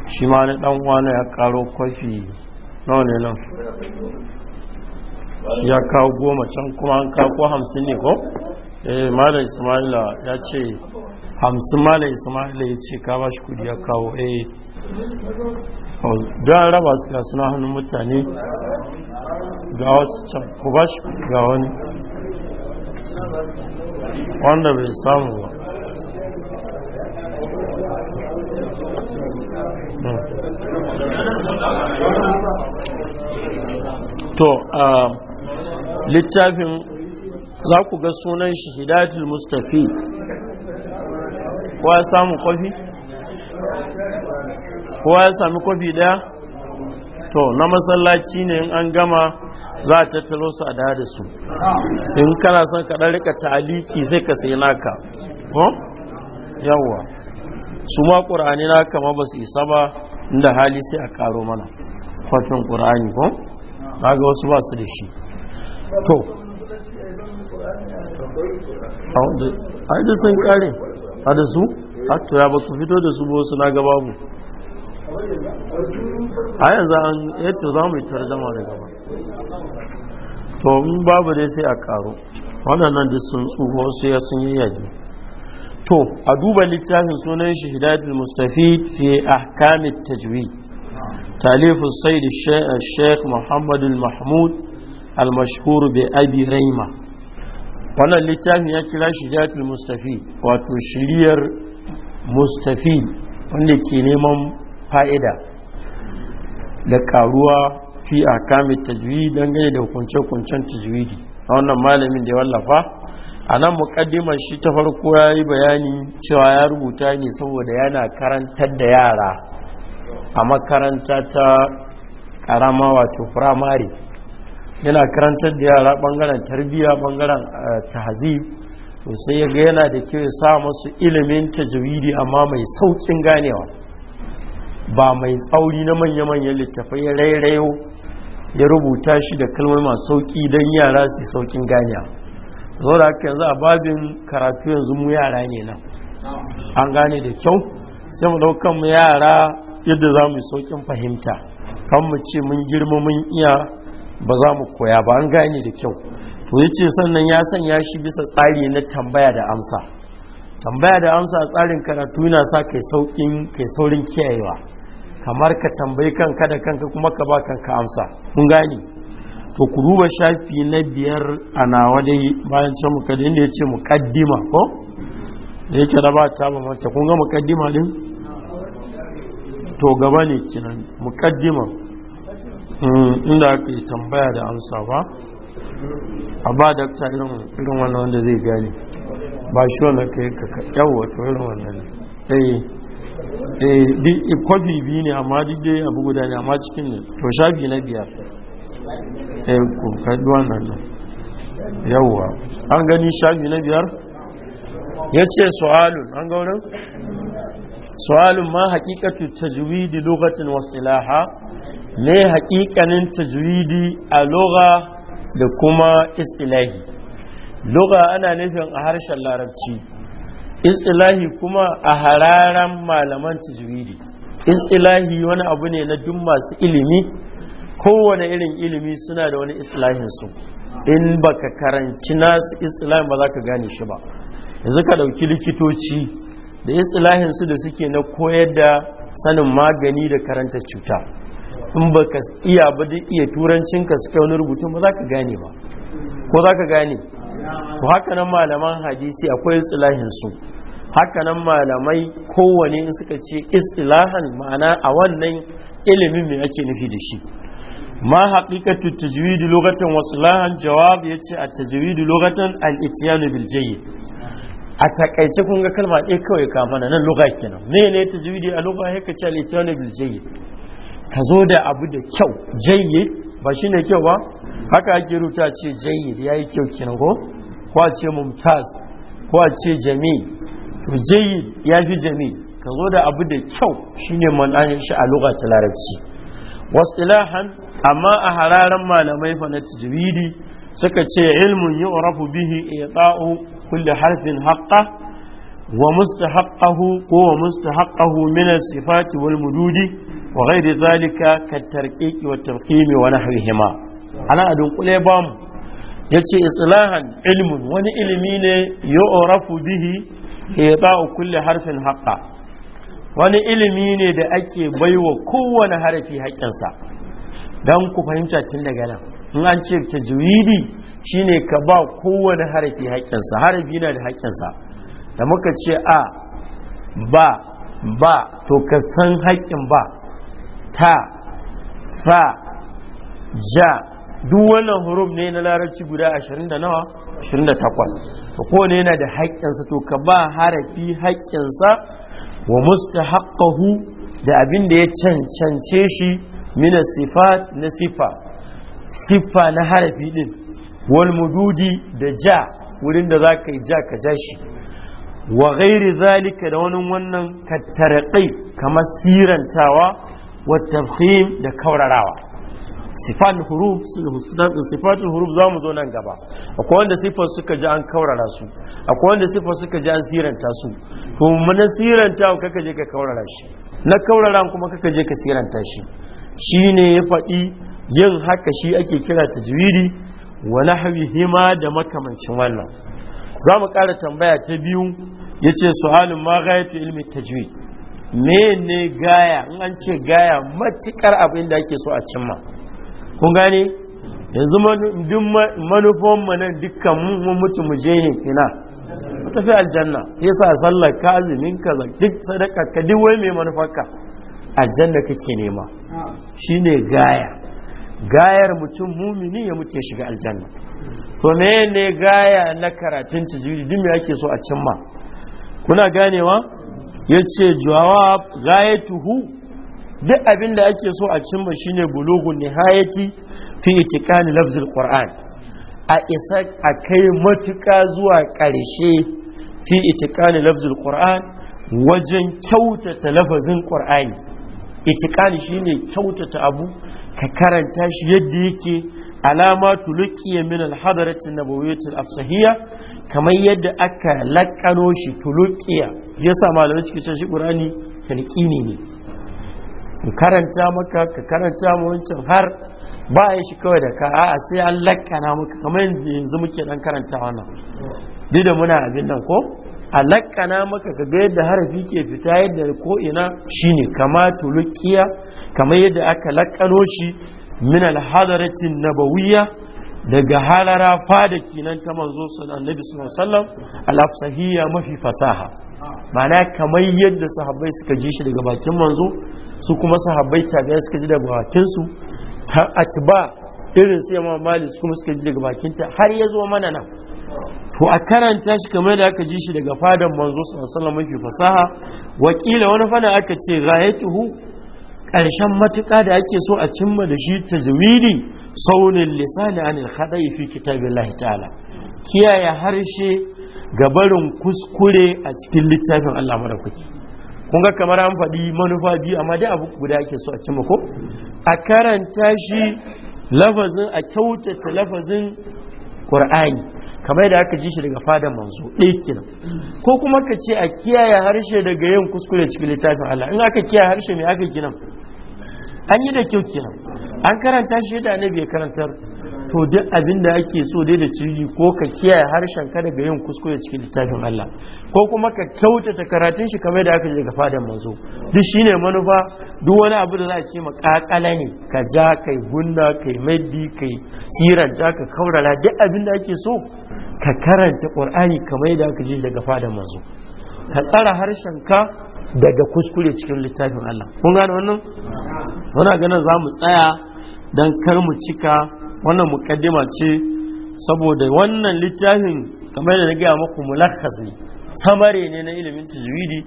[SPEAKER 1] shi ma na dan wani ya karo kwafi nawa ne nan shi ya kawo goma can kuma an kawo hamsin ne ko eh mala ismaila ya ce hamsin mala ismaila ya ce ka ba shi kudi ya kawo eh don raba su ga suna hannun mutane ga wasu can ku ba shi ga wani wanda bai samu ba hmm. to a littafin za ku ga sunan shi hidatul mustafi kowa ya samu kwafi? kowa ya sami kwafi daya? to na masallaci ne in an gama za a tattalo su a da da su in kana son ka dan rika taliki sai ka sai naka yawwa su ma ƙur'ani na kama ba su isa ba inda hali sai a karo mana kwafin ƙur'ani ko na ga wasu ba su da shi to
[SPEAKER 2] a da sun kare a da su
[SPEAKER 1] hatta ya ba su fito da su ba su na gaba mu
[SPEAKER 4] a
[SPEAKER 1] yanzu an yato eh za mu yi tarjama da gaba to in babu dai sai a karo waɗannan da sun tsoho sai ya sun yaji. to a duba littafin sunan shi hidayatul mustafi fi ahkamit tajwid تاليف السيد الشيخ محمد المحمود المشهور بأبي ريمة wannan littafin ya kira shiriyatul mustafi wato shiriyar mustafi wanda ke neman fa'ida da karuwa fi a kamin don dangane da hukunce-hukuncen tajwidi a wannan malamin da ya wallafa a nan mukaddimar shi ta farko ya yi bayani cewa ya rubuta ne saboda yana karantar da yara a makaranta ta karama wato firamare yana karantar da yara bangaren tarbiyya bangaren eh, tahzib to sai ya yana da kyau ya sa masu ilimin tajwidi amma mai saukin ganewa ba mai tsauri na manya-manyan littafai ya rairayo ya rubuta shi da kalmar masu sauƙi don yara su sauƙin ganya zo da haka yanzu a babin karatu yanzu mu yara ne nan an gane da kyau sai mu ɗaukan mu yara yadda za mu sauƙin fahimta kan mu ce mun girma mun iya ba za mu koya ba an gane da kyau to ya ce sannan ya sanya shi bisa tsari na tambaya da amsa tambaya da amsa a tsarin karatu yana sa kai kai saurin kiyayewa kamar ka tambayi kanka da kanka kuma ka ba kanka amsa kun gani to ku duba shafi na biyar a nawa dai bayan can da inda ya ce mukaddima ko da yake raba ta ba mace kun ga mukaddima din to gaba ne kinan mukaddima hmm, inda aka yi tambaya da amsa ba a ba ta irin wannan wanda zai gane ba shi wanda ka yi ka yawo wato irin wannan ne eh. Eh, kwafi biyu ne amma duk dai abu guda ne amma cikin ne to shafi na biyar eh ku kaɗi wannan nan yawwa an gani shafi na biyar ya ce su'alun an ga wurin su'alun ma haƙiƙatu tajwidi lokacin wasu ilaha ne haƙiƙanin tajwidi a loga da kuma istilahi loga ana nufin a harshen larabci istilahi kuma a hararan malaman tajwidi istilahi wani abu ne na duk masu ilimi kowane irin ilimi suna da wani istilahin su in baka karanci nasu istilahin ba za ka gane shi ba yanzu ka dauki likitoci da istilahin su da suke na koyar da sanin magani da karanta cuta in baka iya ba duk iya turancin ka suke wani rubutu ba za ka gane ba ko za ka gane to haka nan malaman hadisi akwai istilahin su hakanan malamai kowane in suka ce istilahan ma'ana a wannan ilimin me ake nufi da shi ma haqiqatu tajwid lughatan wa silahan jawab yace at tajwid lughatan al ityan bil jayyid a takaice kun ga kalma ɗaya kawai ka mana nan lugha kenan mene tajwidi a lugha yake ce al ityan bil jayyid ka zo da abu da kyau jayyid ba shine kyau ba haka ake rubuta ce jayyid yayi kyau kenan ko ko a ce mumtaz ko a ce jami' to ya fi jamil e. ka zo da abu da kyau shine mananin shi a lugha ta larabci wasilahan amma a hararan malamai fa na tajwidi suka ce ilmun yu'rafu bihi i'ta'u kulli harfin Haƙa wa mustahaqqahu ko wa mustahaqqahu min as-sifati wal mududi wa ghairi zalika ka tarqiqi wa tafkhim wa nahwihima ana adun kule ba yace islahan ilmun wani ilimi ne yu'rafu bihi ita'u kulli harfin haqqa wani ilimi ne da ake baiwa kowane harafi haƙƙinsa don ku fahimta tun daga nan in an ce tajwidi shine ka ba kowane harafi haƙƙinsa harafi na da haƙƙinsa da muka ce a ba ba to ka san haƙƙin ba ta fa ja duk wannan hurum ne na larabci guda 20 da nawa 28 to kowane yana da haƙƙinsa to ka ba harafi haƙƙinsa wa mustahaqqahu da abin da ya cancance shi mina sifat na sifa sifa na harafi din wal mududi da ja wurin da zaka yi ja ka ja shi wa ghairi zalika da wani wannan kattarqai kamar sirantawa wa tafhim da kaurarawa sifan huruf sifatul huruf za mu zo nan gaba akwai wanda sifar suka ji an kaurara su akwai wanda sifar suka ji an siranta su kuma na siranta kaka je ka kaurara shi na kaurara kuma kaka je ka siranta shi shine ya faɗi yin haka shi ake kira tajwidi wa ma da makamancin wannan za mu ƙara tambaya ta biyu yace su'alun ma ghayatu ilmi tajwid mene gaya an ce gaya matukar abin da ake so a cimma kun gane yanzu duk manufan dukkan mun mutu mu je ne ina mu tafi aljanna yasa sallar ka azumin ka duk sadaka ka duk wai mai manufarka aljanna kake nema shine gaya gayar mutum mumini ya mutu ya shiga aljanna to me ne gaya na karatun tajwidi duk me ake so a cimma kuna ganewa yace jawab tuhu. duk abin da ake so a cimma shine bulughun nihayati fi itiqani lafzil qur'an a isa a kai matuƙa zuwa ƙarshe fi itiqani lafzil qur'an wajen kyautata lafazin qur'ani itiqani shine kyautata abu ka karanta shi yadda yake alama tulukiya min alhadaratin nabawiyyatul afsahiyya kamar yadda aka lakano shi tulukiya yasa malamai suke cewa shi qur'ani talqini ne ka karanta maka ka karanta wancan har ba ya shi kawai da ka a'a sai an lakana maka kamar yanzu muke dan karanta wannan duk da muna abin nan ko a lakana maka ka ga yadda harafi ke fita yadda ko ina shine kama tulukiya kamar yadda aka lakkano shi min na nabawiyya daga halara fada kinan ta manzo sallallahu alaihi mafi fasaha mana kamar yadda sahabbai suka ji shi daga bakin manzo su kuma sahabbai tabiya suka ji daga bakin su ta atba irin sai ma mali su kuma suka ji daga bakin ta har ya zo mana nan to a karanta shi kamar da aka ji shi daga fadan manzo sallallahu alaihi mafi fasaha wakila wani fana aka ce ghayatuhu ƙarshen matuƙa da ake so a cimma da shi tajwidi saunin lisani an khadai fi kitabillahi ta'ala kiyaye harshe gabarin kuskure a cikin littafin Allah madaukaki kun ga kamar an faɗi manufa biyu amma dai abu guda ake so a cimma ko a karanta shi lafazin a kyautata lafazin ƙur'ani kamar da aka ji shi daga fadar manzo ɗaya ko kuma ka ce a kiyaye harshe daga yin kuskure cikin littafin Allah in aka kiyaye harshe mai aka gina? an yi da kyau kenan an karanta shi da annabi ya karantar to duk abin da ake so dai da ciri ko ka kiyaye harshen ka daga yin kuskure cikin littafin Allah ko kuma ka kyautata karatun shi kamar da aka je ga fadan manzo duk shine manufa duk wani abu da za a ce ma kakala ne ka ja kai gunna kai maddi kai siran ja ka kaurara duk abin da ake so ka karanta qur'ani kamar da aka yi daga fadan manzo ka tsara harshen ka daga kuskure cikin littafin Allah kun gane wannan muna ganin za mu tsaya don kar mu cika wannan mukaddima ce saboda wannan littafin kamar da na gaya maku mulakhasi samare ne na ilimin tajwidi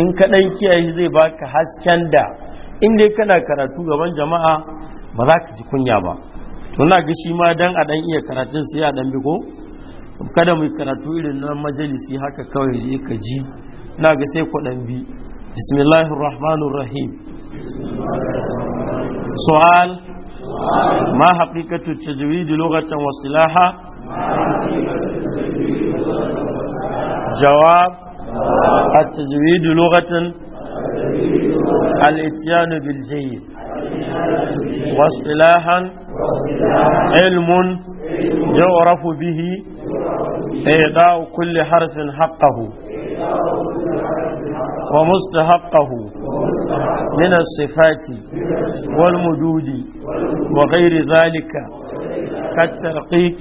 [SPEAKER 1] in ka dan kiyaye zai baka hasken da in dai kana karatu gaban jama'a ba za ka ji kunya ba muna ga shi ma dan a dan iya karatun sai a dan kada mu karatu irin na majalisi haka kawai ka ji na ga sai ku dan bi bismillahir rahmanir rahim su'al ma haqiqatu tajwid lughatan wa silaha jawab التجويد لغة الاتيان بالجيد واصطلاحا علم يعرف به إيضاء كل حرف حقه ومستحقه من الصفات والمدود وغير ذلك كالترقيق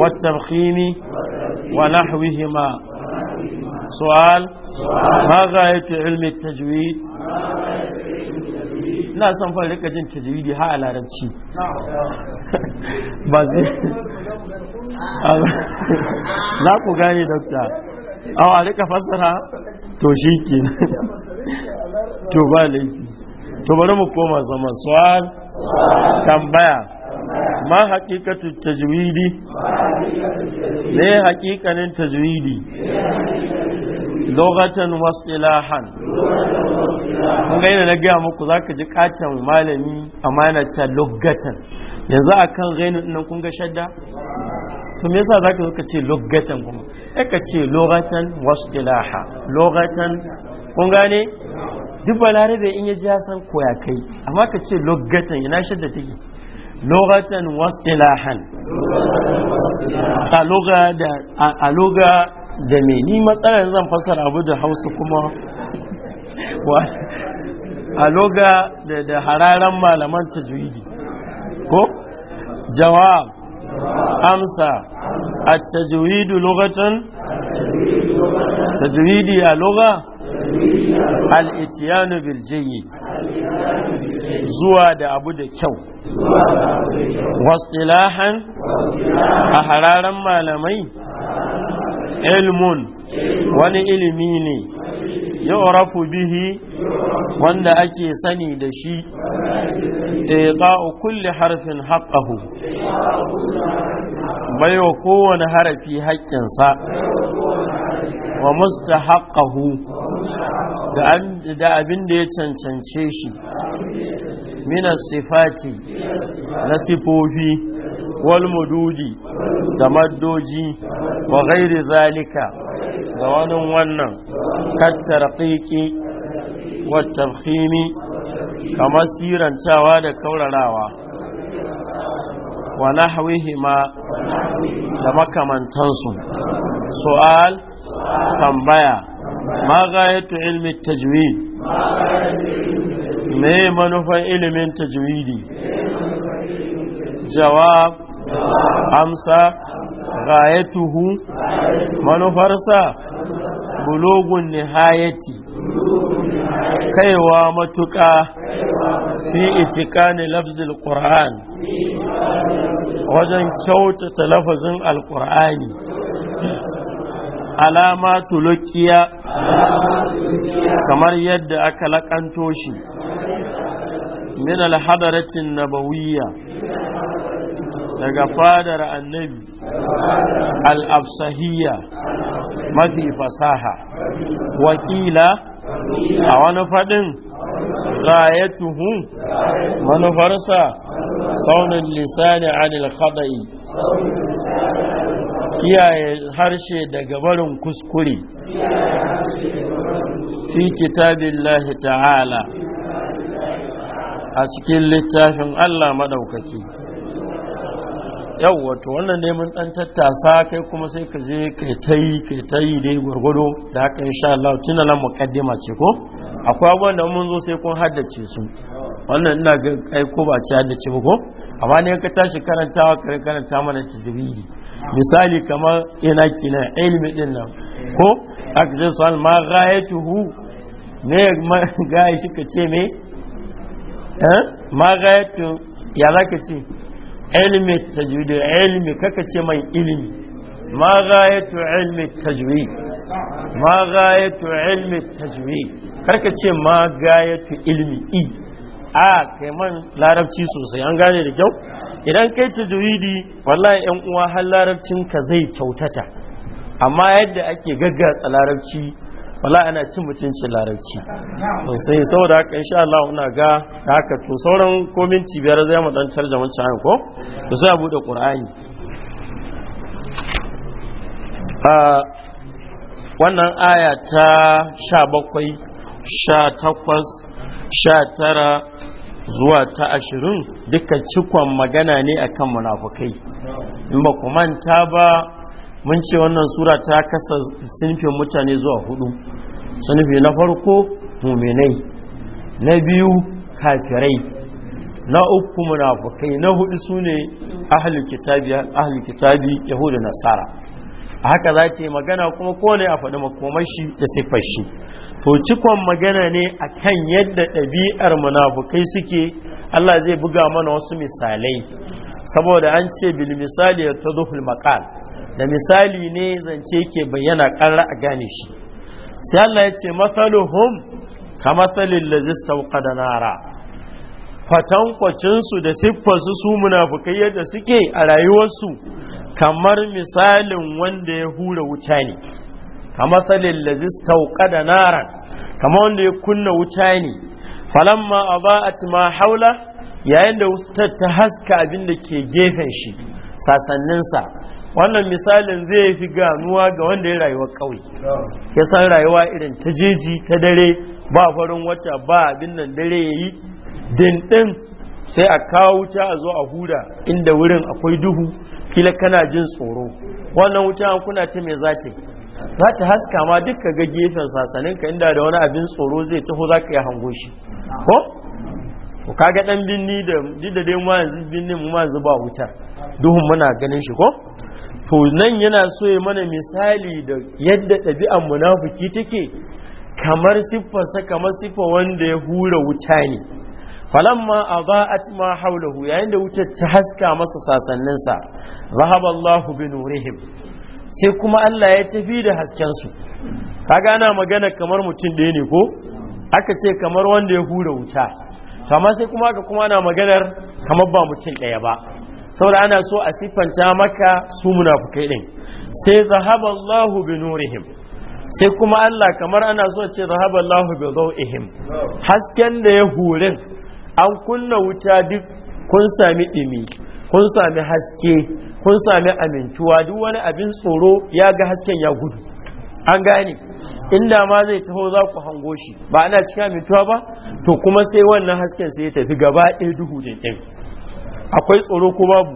[SPEAKER 1] والتبخيم ونحوهما سؤال ما غاية علم التجويد ina son fara rika jin tajwidi ha a larabci ba zai na ku gane dokta awa a rika fassara to shi ke to ba laifi to bari mu koma zama su'al tambaya ma haƙiƙatu tajwidi ne haƙiƙanin tajwidi logatan ilahan kun ga yana na gaya muku za ka ji katon malami amanata lokacin yanzu a kan rainin nan kun ga shadda to yasa zaka zo zuka ce lokacin kuma ya ka ce wasu ilaha lokacin kun gane duk balarabe in ya ji ya san koya kai amma ka ce logatan ina shadda take lugatan wasilahan a luga da a luga da me ni matsalar zan fasara abu da hausa kuma a luga da da hararan malaman tajwidi ko jawab amsa at tajwidu lugatan tajwidi a luga al'itiyanu biljiyi zuwa da abu da kyau wasu wasilahan a hararen malamai ilmun wani ilimi ne rafu bihi wanda ake sani da shi iqa'u kulli harfin haƙahu baiwa kowane harafi haƙƙinsa wa mustahaqqahu da abin da ya cancance shi minas sifati na sifofi wal mududi da maddoji wa gairi zalika da wani wannan kattar ƙiƙi wata kamar sirantawa da kaurarawa wa nahwihima da makamantansu su'al tambaya ma gayatu ilmi tajwid me manufan ilimin tajwidi jawab amsa gayatuhu manufarsa bulogun nihayati kaiwa matuƙa fi itikani lafzil qur'an wajen kyautata lafazin alƙur'ani alama tulukiya kamar yadda aka lakanto shi min alhadaratin nabawiyya daga fadar annabi al'afsahiyya mafi fasaha wakila a wani faɗin rayatuhu manufarsa saunin lisani anil khada'i kiyaye harshe daga barin kuskure fi kitabillahi ta'ala a cikin littafin Allah maɗaukaki yau wato wannan neman mun ɗan tattasa kai kuma sai ka je kai ta yi kai ta yi dai gwargwado da haka insha Allah tuna nan muqaddima ce ko akwai abubuwan da mun zo sai kun haddace su wannan ina ga kai ko ba ci haddace ba ko amma ne ka tashi karantawa ka karanta mana tajwidi misali kamar ina kina ilmi din nan ko aka ce su ma ghayatuhu me gaya shi ka ce me eh? ma ghayatu ya za ka ce ilmi tajwid ilmi kaka ce mai ilmi ma ghayatu ilmi tajwid ma ghayatu ilmi tajwid karka ce ma ghayatu ilmi i a kai man larabci sosai an gane da kyau idan kai juridi wallahi yan uwa har larabcin ka zai kyautata amma yadda ake gaggatsa larabci wallahi ana cin mutuncin larabci sosai saboda haka insha Allah ina ga haka to sauran ko minti biyar zai mu dan mun can ko to sai a bude qur'ani wannan aya ta 17 18 19 zuwa ta ashirin duka cikon magana ne akan munafukai in ba ku manta ba mun ce wannan sura ta kasa sinfin mutane zuwa hudu sinfi na farko muminai na biyu kafirai na uku munafukai na hudu su ne ahalikitabi kitabi yahudu nasara a haka za ce magana kuma kone a faɗi shi da siffar shi to cikon magana ne a kan yadda ɗabi'ar munafukai suke Allah zai buga mana wasu misalai saboda an ce bil misali ta zuhul makal da misali ne zance ke bayyana ƙarra a gane shi sai Allah ya ce mathaluhum ka matsalin lazista da nara fatankwacinsu da siffarsu su munafukai yadda suke a rayuwarsu kamar misalin wanda ya hura wuta ne kamar salin lazista da naran kamar wanda ya kunna wuta ne falamma a ba a ma haula yayin da wuta ta haska abin da ke gefen shi sasanninsa wannan misalin zai fi ganuwa ga wanda ya rayuwa kawai, ya san rayuwa irin ta jeji ta dare ba farin wata ba abin nan dare ya yi dindin sai a kawo wuta a zo a hura inda wurin akwai duhu kila kana jin tsoro wannan wuta kuna ce mai zata za ta haska ma duk ga gefen sasanin ka inda da wani abin tsoro zai taho za ka yi hango shi ko ko kaga ɗan binni da dida dai ma yanzu binni mu ma yanzu ba wuta duhun muna ganin shi ko to nan yana so ya mana misali da yadda ɗabi'ar munafuki take kamar siffarsa kamar siffar wanda ya hura wuta ne falamma a ba'at ma haulahu yayin da wutar ta haska masa sasanninsa Rahaballahu Allahu bi nurihim sai kuma Allah ya tafi da hasken su kaga ana magana kamar mutum ɗaya ne ko aka ce kamar wanda ya hura wuta amma sai kuma aka kuma ana maganar kamar ba mutum ɗaya ba saboda ana so a sifanta maka su munafukai din. sai zahaba Allahu bi nurihim sai kuma Allah kamar ana so a ce zahaba Allahu bi dawihim hasken da ya hurin an kunna wuta duk kun sami ɗimi kun sami haske kun sami amintuwa duk wani abin tsoro ya ga hasken ya gudu an gane inda ma zai taho za ku hango shi ba ana cika amintuwa ba to kuma sai wannan hasken sai ya tafi gaba ɗaya duhu da ɗin akwai tsoro ko babu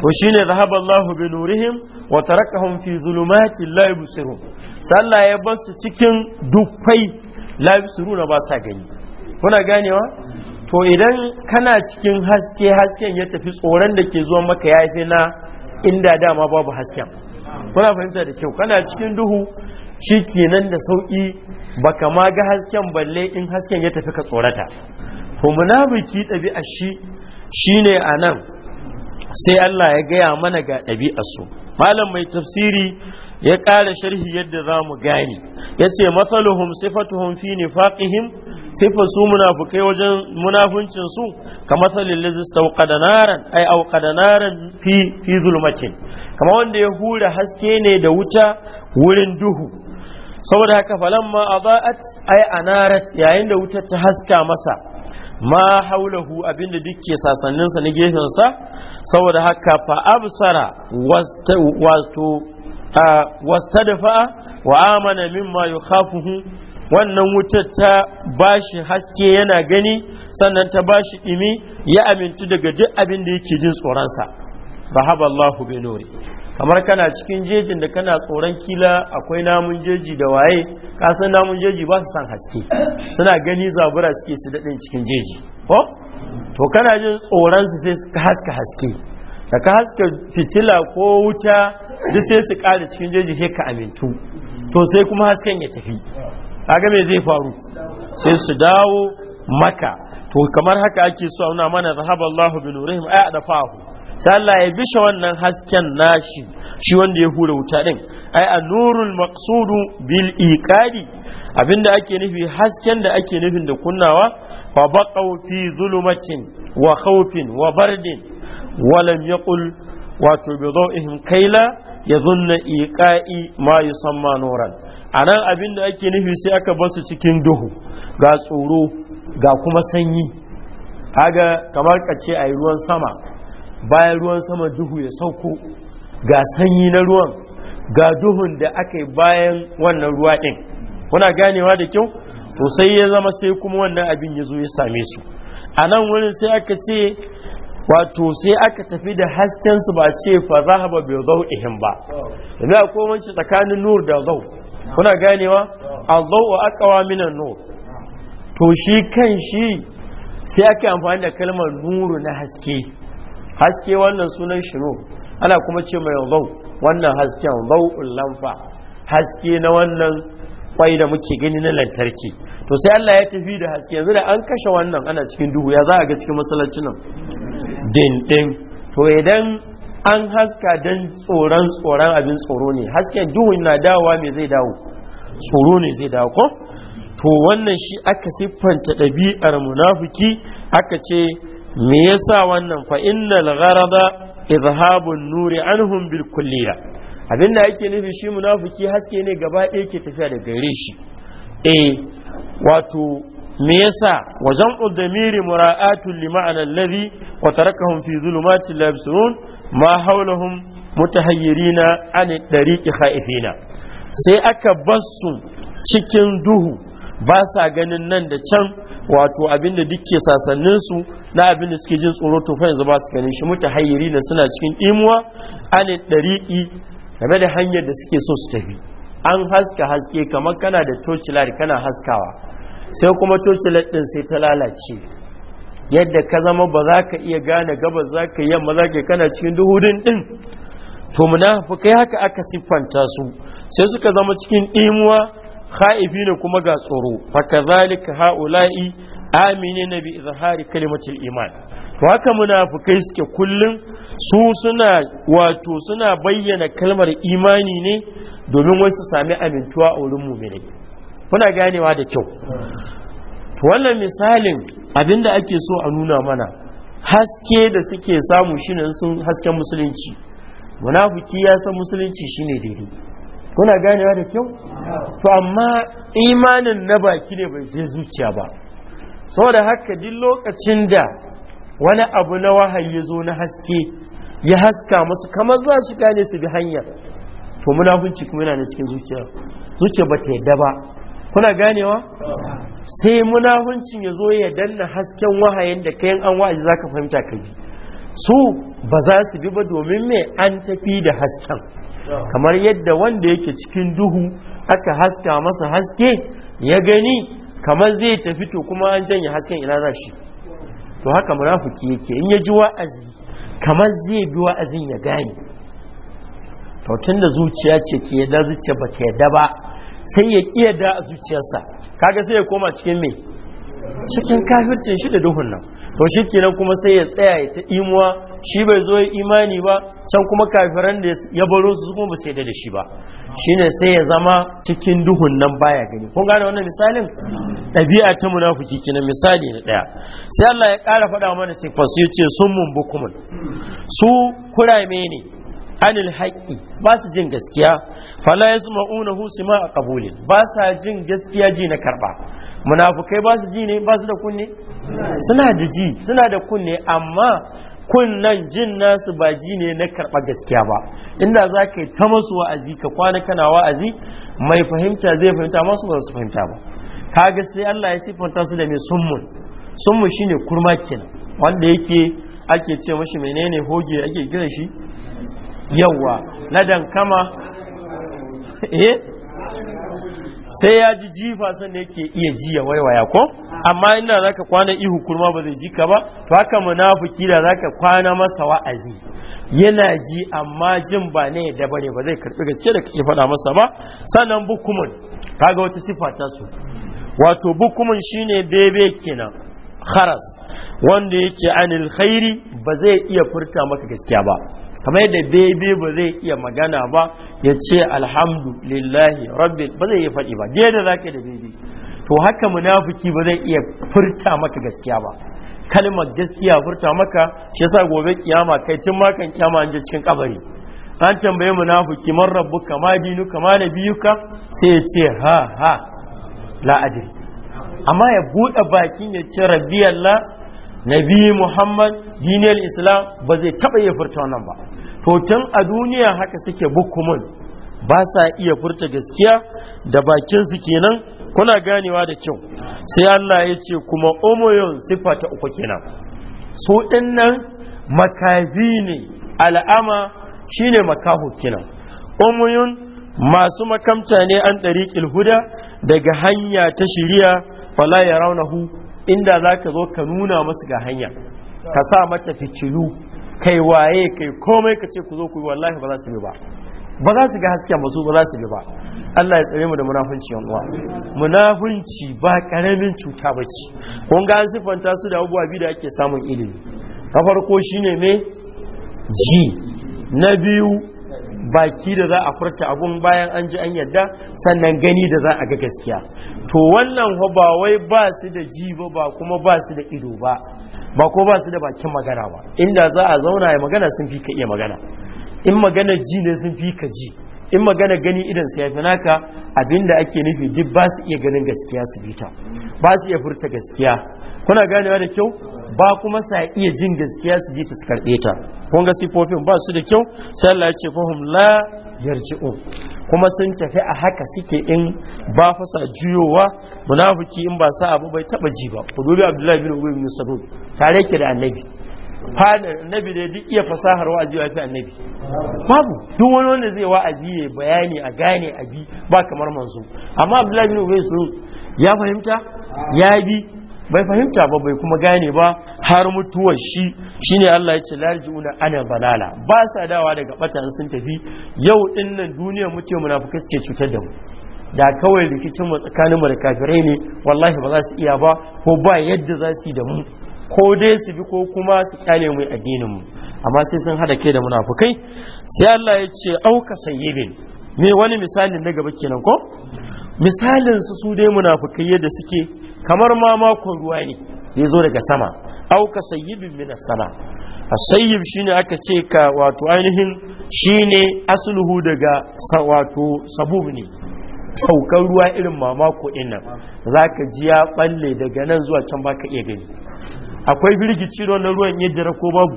[SPEAKER 1] to shine zahaba Allah bi nurihim wa tarakahum fi zulumati la yubsirun sallah ya basu cikin dukkai la yubsiruna ba sa gani kuna ganewa to idan kana cikin haske hasken ya tafi tsoron da ke zuwa maka ya fi na inda dama babu hasken kuna fahimta da kyau kana cikin duhu shi kenan da sauƙi baka ma ga hasken balle in hasken ya tafi ka tsorata to ɗabi'a shi shine a nan sai Allah ya gaya mana ga ɗabi'arsu malam mai tafsiri ya ƙara sharhi yadda za mu gane ya ce matsaluhum sifatuhum fi nifaqihim sifar su munafukai wajen munafuncin su ka matsalin lazis naran ai auƙada naran fi zulmatin kamar wanda ya hura haske ne da wuta wurin duhu saboda haka ma a adha'at ai anarat yayin da wutar ta haska masa ma haulahu abinda ke sasanninsa na gefensa saboda haka fa absara wato fa'a, wa amana mimma yukhafuhu wannan wutar ta bashi haske yana gani sannan ta bashi ɗimi ya amintu daga duk abinda da yake jin tsoronsa fa haba Allahu bi nuri kamar kana cikin jejin da kana tsoron kila akwai namun jeji da waye kasan namun jeji ba su san haske suna gani zabura suke su daɗin cikin jeji ko to kana jin tsoron su sai suka haska haske da ka haska fitila ko wuta duk sai su ƙara cikin jeji sai ka amintu to sai kuma hasken ya tafi kaga me zai faru sai su dawo maka to kamar haka ake so nuna mana rahaballahu bi nurihim da adafahu sai Allah ya bishe wannan hasken nashi shi wanda ya hura wuta din ai a nurul maqsudu bil iqadi abinda ake nufi hasken da ake nufin da kunnawa fa baqaw fi zulumatin wa khawfin wa bardin wa lam yaqul wato bi dawihim kaila yadhunna iqai ma yusamma nuran anan abinda ake nufi sai aka basu cikin duhu ga tsoro ga kuma sanyi kaga kamar kace ayi ruwan sama bayan ruwan sama duhu ya sauko ga sanyi na ruwan ga duhun da aka yi bayan wannan ruwa ɗin kuna ganewa da kyau to sai ya zama sai kuma wannan abin ya zo ya same su a nan wurin sai aka ce wato sai aka tafi da hasken su ba ce fa zahaba bi ihim ba za a komanci tsakanin nur da zau kuna ganewa a zau a akawa minan nur to shi kan shi sai ake amfani da kalmar nuru na haske haske wannan sunan shiro ana kuma ce mai zau wannan hasken zau lamfa haske na wannan kwai da muke gani na lantarki to sai Allah ya tafi da haske yanzu da an kashe wannan ana cikin duhu ya za a ga cikin masallaci nan din din to idan an haska dan tsoron tsoron abin tsoro ne hasken duhun na dawowa me zai dawo tsoro ne zai dawo ko to wannan shi aka siffanta ɗabi'ar munafiki aka ce me yasa wannan fa innal gharada izhabun nuri anhum bil kulliya abinda ake nufi shi munafiki haske ne gaba ɗaya ke tafiya da gare shi eh wato me yasa wajen udamiri mura'atun li ma'anar ladhi wa tarakahum fi zulumatin la yabsurun ma hawlahum mutahayyirina an dariqi khaifina sai aka bassu cikin duhu ba sa ganin nan da can wato abin da ke sasannin su na abin da suke jin tsoro to fa yanzu ba su ganin shi mutu, mutahayyiri na suna cikin imuwa anil dariqi game da hanyar da suke so su tafi an haska haske kamar kana da torchlight kana haskawa sai kuma torchlight din sai ta lalace yadda ka zama ba za ka iya gane gabas za ka yamma za ka kana cikin duhu din din? to kai haka aka siffanta su sai suka zama cikin imuwa kha'ifina kuma ga tsoro fakazalika haula'i aminina bi izhari kalimatul iman to haka munafikai suke kullum su wato suna bayyana kalmar imani ne domin wasu sami amintuwa a wurin mu'minai kuna ganewa da kyau wannan misalin abinda ake so a nuna mana haske da suke samu shine sun hasken musulunci munafiki ya san musulunci shine daidai kuna ganewa da kyau to amma imanin na baki ne bai je zuciya ba saboda haka duk lokacin da wani abu na wahayi ya zo na haske ya haska musu kamar za su gane su bi hanya to hunci kuma yana cikin zuciya zuciya ba ta yadda ba kuna ganewa sai munahuncin ya zo ya danna hasken wahayen da kayan an wa'azi zaka fahimta ka su ba za su bi ba domin me an tafi da hasken kamar yadda wanda yake cikin duhu aka haska masa haske ya gani kamar zai tafi to kuma an janye hasken ina za shi to haka munafiki yake in ya ji wa'azi kamar zai bi wa'azin ya gane to da zuciya ce ke da zuciya ba ta da ba sai ya kiya da a zuciyarsa kaga sai ya koma cikin me cikin kafircin shi da duhun nan to shi kenan kuma sai ya tsaya ya ta imuwa shi bai zo ya imani ba can kuma kafiran da ya baro su kuma ba sai da shi ba Shi ne sai ya zama cikin duhun nan baya gani kun gane wannan misalin ɗabi'a ta munafiki kenan misali na ɗaya sai Allah ya ƙara faɗa mana sifar su ya sun mun bukumun su kurame ne anil haƙƙi ba su jin gaskiya fala ya suma una sima a kabulin ba sa jin gaskiya ji na karɓa munafukai ba su ji ne ba su da kunne suna da ji suna da kunne amma kunnan jin nasu ba ji ne na karɓa gaskiya ba inda za ka yi ta masu wa'azi ka kwana kana wa'azi mai fahimta zai fahimta masu ba su fahimta ba ga sai Allah ya siffanta su da mai summun summun shine kurma kenan wanda yake ake ce mashi menene hoge ake gina shi yawwa na dankama eh? sai ya ji jifa sannan yake iya ji ya waiwaya ko amma inda zaka kwana ihu kurma ba zai ji ka ba to haka munafiki da zaka kwana masa wa'azi yana ji amma jin ba ne da bare ba zai karbi gaske da kake faɗa masa ba sannan bukumun kaga wata sifa ta su wato bukumun shine bebe kenan kharas wanda yake anil khairi ba zai iya furta maka gaskiya ba kamar da bebe ba zai iya magana ba ya ce alhamdulillahi rabbi ba zai iya faɗi ba da za ka da bebe to haka munafuki ba zai iya furta maka gaskiya ba kalmar gaskiya furta maka shi yasa gobe kiyama kai tun makan kiyama an je cikin kabari an tambaye munafiki man rabbuka kama na biyu nabiyuka sai ya ce ha ha la amma ya buɗe bakin ya ce rabbi Allah nabi muhammad diniyar islam ba zai taɓa iya furta wannan ba to tun a duniya haka suke bukumin ba sa iya furta gaskiya da bakinsu kenan kuna ganewa da kyau sai allah ya ce kuma omoyon sifa ta uku kenan su nan makafi ne al'ama shine makaho kenan Omoyon masu makamta ne an ɗari huda daga hanya ta shirya fala ya raunahu inda za ka zo ka nuna masu ga hanya ka sa mace fitilu kai waye kai komai ka ce ku zo ku yi wallahi ba za su bi ba ba za su ga hasken masu ba za su bi ba Allah ya tsare mu da munafunci yan uwa munafunci ba karamin cuta ba ce kun ga siffanta su da abubuwa biyu da ake samun ilimi na farko shine me ji na biyu baki da za a furta abun bayan an ji an yadda sannan gani da za a ga gaskiya to wannan ba wai ba su da ji ba ba kuma ba su da ido ba ba ko ba su da bakin magana ba inda za a zauna ya magana sun fi ka iya magana in magana ji ne sun fi ka ji in magana gani idan su fi naka abinda ake nufi duk ba su iya ganin gaskiya su bita ba su iya furta gaskiya kuna ganewa da kyau ba kuma sa iya jin gaskiya su ji ta su karɓe ta kun ga sifofin ba su da kyau sai Allah ya ce fahim la yarji'u. kuma sun tafi a haka suke in ba fasa juyowa munafiki in ba sa abu bai taba ji ba ku dubi Abdullahi bin Ubay bin tare ke da Annabi fadar annabi da duk iya fasahar wa'azi ya fi annabi babu duk wani wanda zai wa'azi ya bayani a gane a bi ba kamar manzo amma abdullahi bin ubay su ya fahimta ya bi bai fahimta ba bai kuma gane ba har mutuwar shi shine Allah ya ce larjiuna ana balala ba sa dawa daga bata an sun tafi yau din nan duniyar mu ce suke cutar da mu da kawai rikicin mu tsakanin mu da kafirai ne wallahi ba za su iya ba ko ba yadda za su yi da mu ko dai su bi ko kuma su kyale mu addinin mu amma sai sun hada kai da munafukai sai Allah ya ce auka sayyibin me wani misali na gaba kenan ko misalin su su dai munafukai yadda suke kamar ma makon ruwa ne ya zo daga sama auka sayyibin minas sama sayyib shine aka ce ka wato ainihin shine asluhu daga wato sabub ne saukar ruwa irin mamako din nan zaka ji ya ɓalle daga nan zuwa can baka iya gani akwai birgici na ruwan yadda ko babu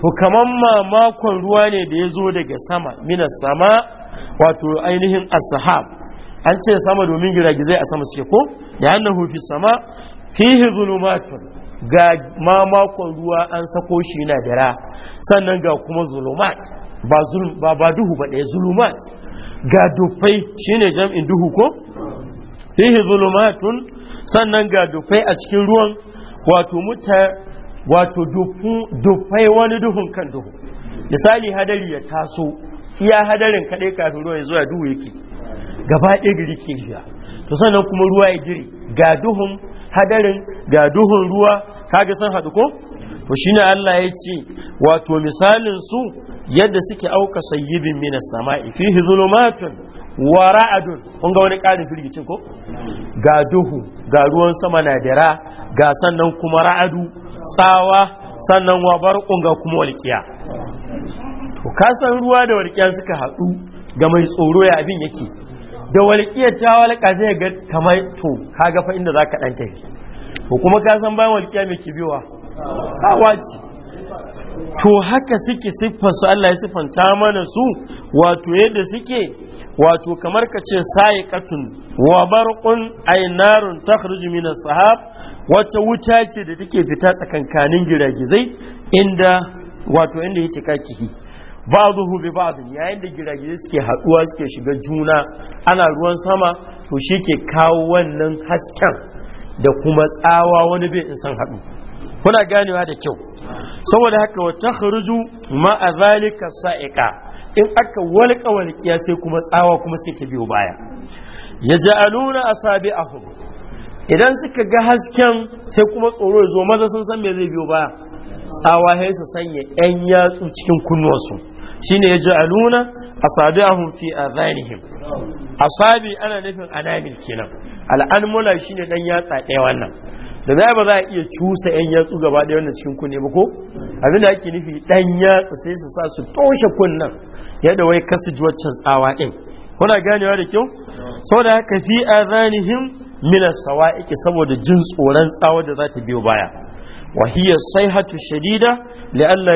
[SPEAKER 1] to kaman mamakon ruwa ne da ya zo daga sama minas sama wato ainihin ashab an ce sama domin giragizai a sama suke ko da annahu fi sama fihi zulumatun ga mamakon ruwa an sako shi na dara sannan ga kuma zulumat ba zulum ba ba duhu ba ɗaya zulumat ga dufai shine jam'in duhu ko fihi zulumatun sannan ga dufai a cikin ruwan wato muta wato dufai wani duhun kan duhu misali hadari ya taso iya hadarin kaɗai kafin ruwa ya zuwa duhu yake gaba ɗaya gari ke biya to sannan kuma ruwa ya giri ga duhun hadarin ga duhun ruwa kaga san haɗu ko to shine Allah ya ce wato misalin su yadda suke auka sayyidin minas sama'i fihi zulumatun wa ra'adun kun ga wani ƙarin firgicin ko ga duhu ga ruwan sama na dira ga sannan kuma ra'adu tsawa sannan wa barqun ga kuma walƙiya to ka san ruwa da walƙiya suka haɗu ga mai tsoro ya abin yake da walƙiyar ta walƙa zai ga kamar to kaga fa inda zaka dan tafi ko kuma san bayan walƙiya mai ke biyowa kawaci to haka suke su Allah ya siffanta mana su wato yadda suke wato kamar ka ce sai katun wa barqun narun takhruju min sahab wata wuta ce da take fita tsakankanin giragizai inda wato inda yake hi ba'dahu bi ba'd yayin da giragizai suke haduwa suke shiga juna ana ruwan sama to shi ke kawo wannan hasken da kuma tsawa wani bai san haɗu kuna ganewa da kyau saboda haka wa kharuju ma zalika sa'iqa in aka walƙa walƙiya sai kuma tsawa kuma sai ta biyo baya yaj'aluna asabi'ahum idan suka ga hasken sai kuma tsoro ya zo maza sun san me zai biyo baya tsawa sai su sanya yan yatsu cikin kunnuwarsu shine yaj'aluna asabi'ahum fi A asabi ana nufin anamil kenan al'anmula shine dan yatsa ɗaya wannan da za ba za a iya cusa yan yatsu gaba ɗaya wannan cikin kunne ba ko abin da ake nufi ɗan yatsu sai su sa su toshe kunnen yadda wai kasu ji waccan tsawa ɗin kuna ganewa da kyau sau da haka fi azanihim min sawa'iqi saboda jin tsoron tsawa da za ta biyo baya wa hiya sayhatu shadida la'alla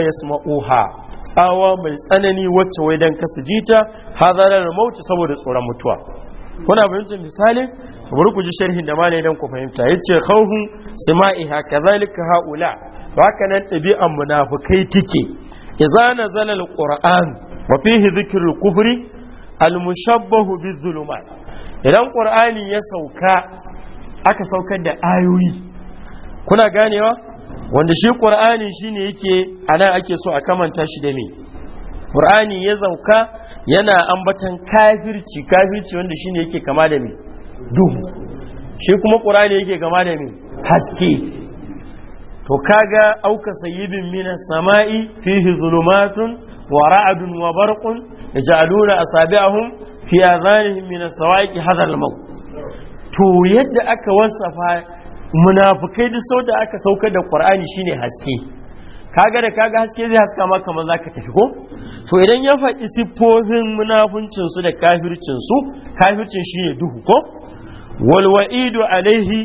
[SPEAKER 1] Oha. tsawa mai tsanani wacce wai dan kasu jita hazarar mauti saboda tsoron mutuwa kuna fahimtar misali bari ku ji sharhin da malai dan ku fahimta yace khawhum sama'iha kadhalika haula haka nan ɗabi'an munafikai take idza nazala alquran wa fihi dhikru kufri almushabbahu bizulumat idan qur'ani ya sauka aka saukar da ayoyi kuna ganewa wanda shi qur'ani shine yake anan ake so a kamanta shi da me qur'ani ya sauka yana ambatan kafirci kafirci wanda shine yake kama da me duhu shi kuma ƙur'ani yake kama da me haske to kaga auka sayyibin mina sama'i fihi zulumatun wa ra'adun wa barqun yaj'aluna asabi'ahum fi adhanihim min as-sawa'iqi hadha al-maut to yadda aka wasafa munafikai duk sau da aka saukar da qur'ani shine haske kaga da kaga haske zai haska maka kamar ka tafi ko to idan ya faɗi siffofin munafuncin su da kafircin su kafircin shine duhu ko wal wa'idu alaihi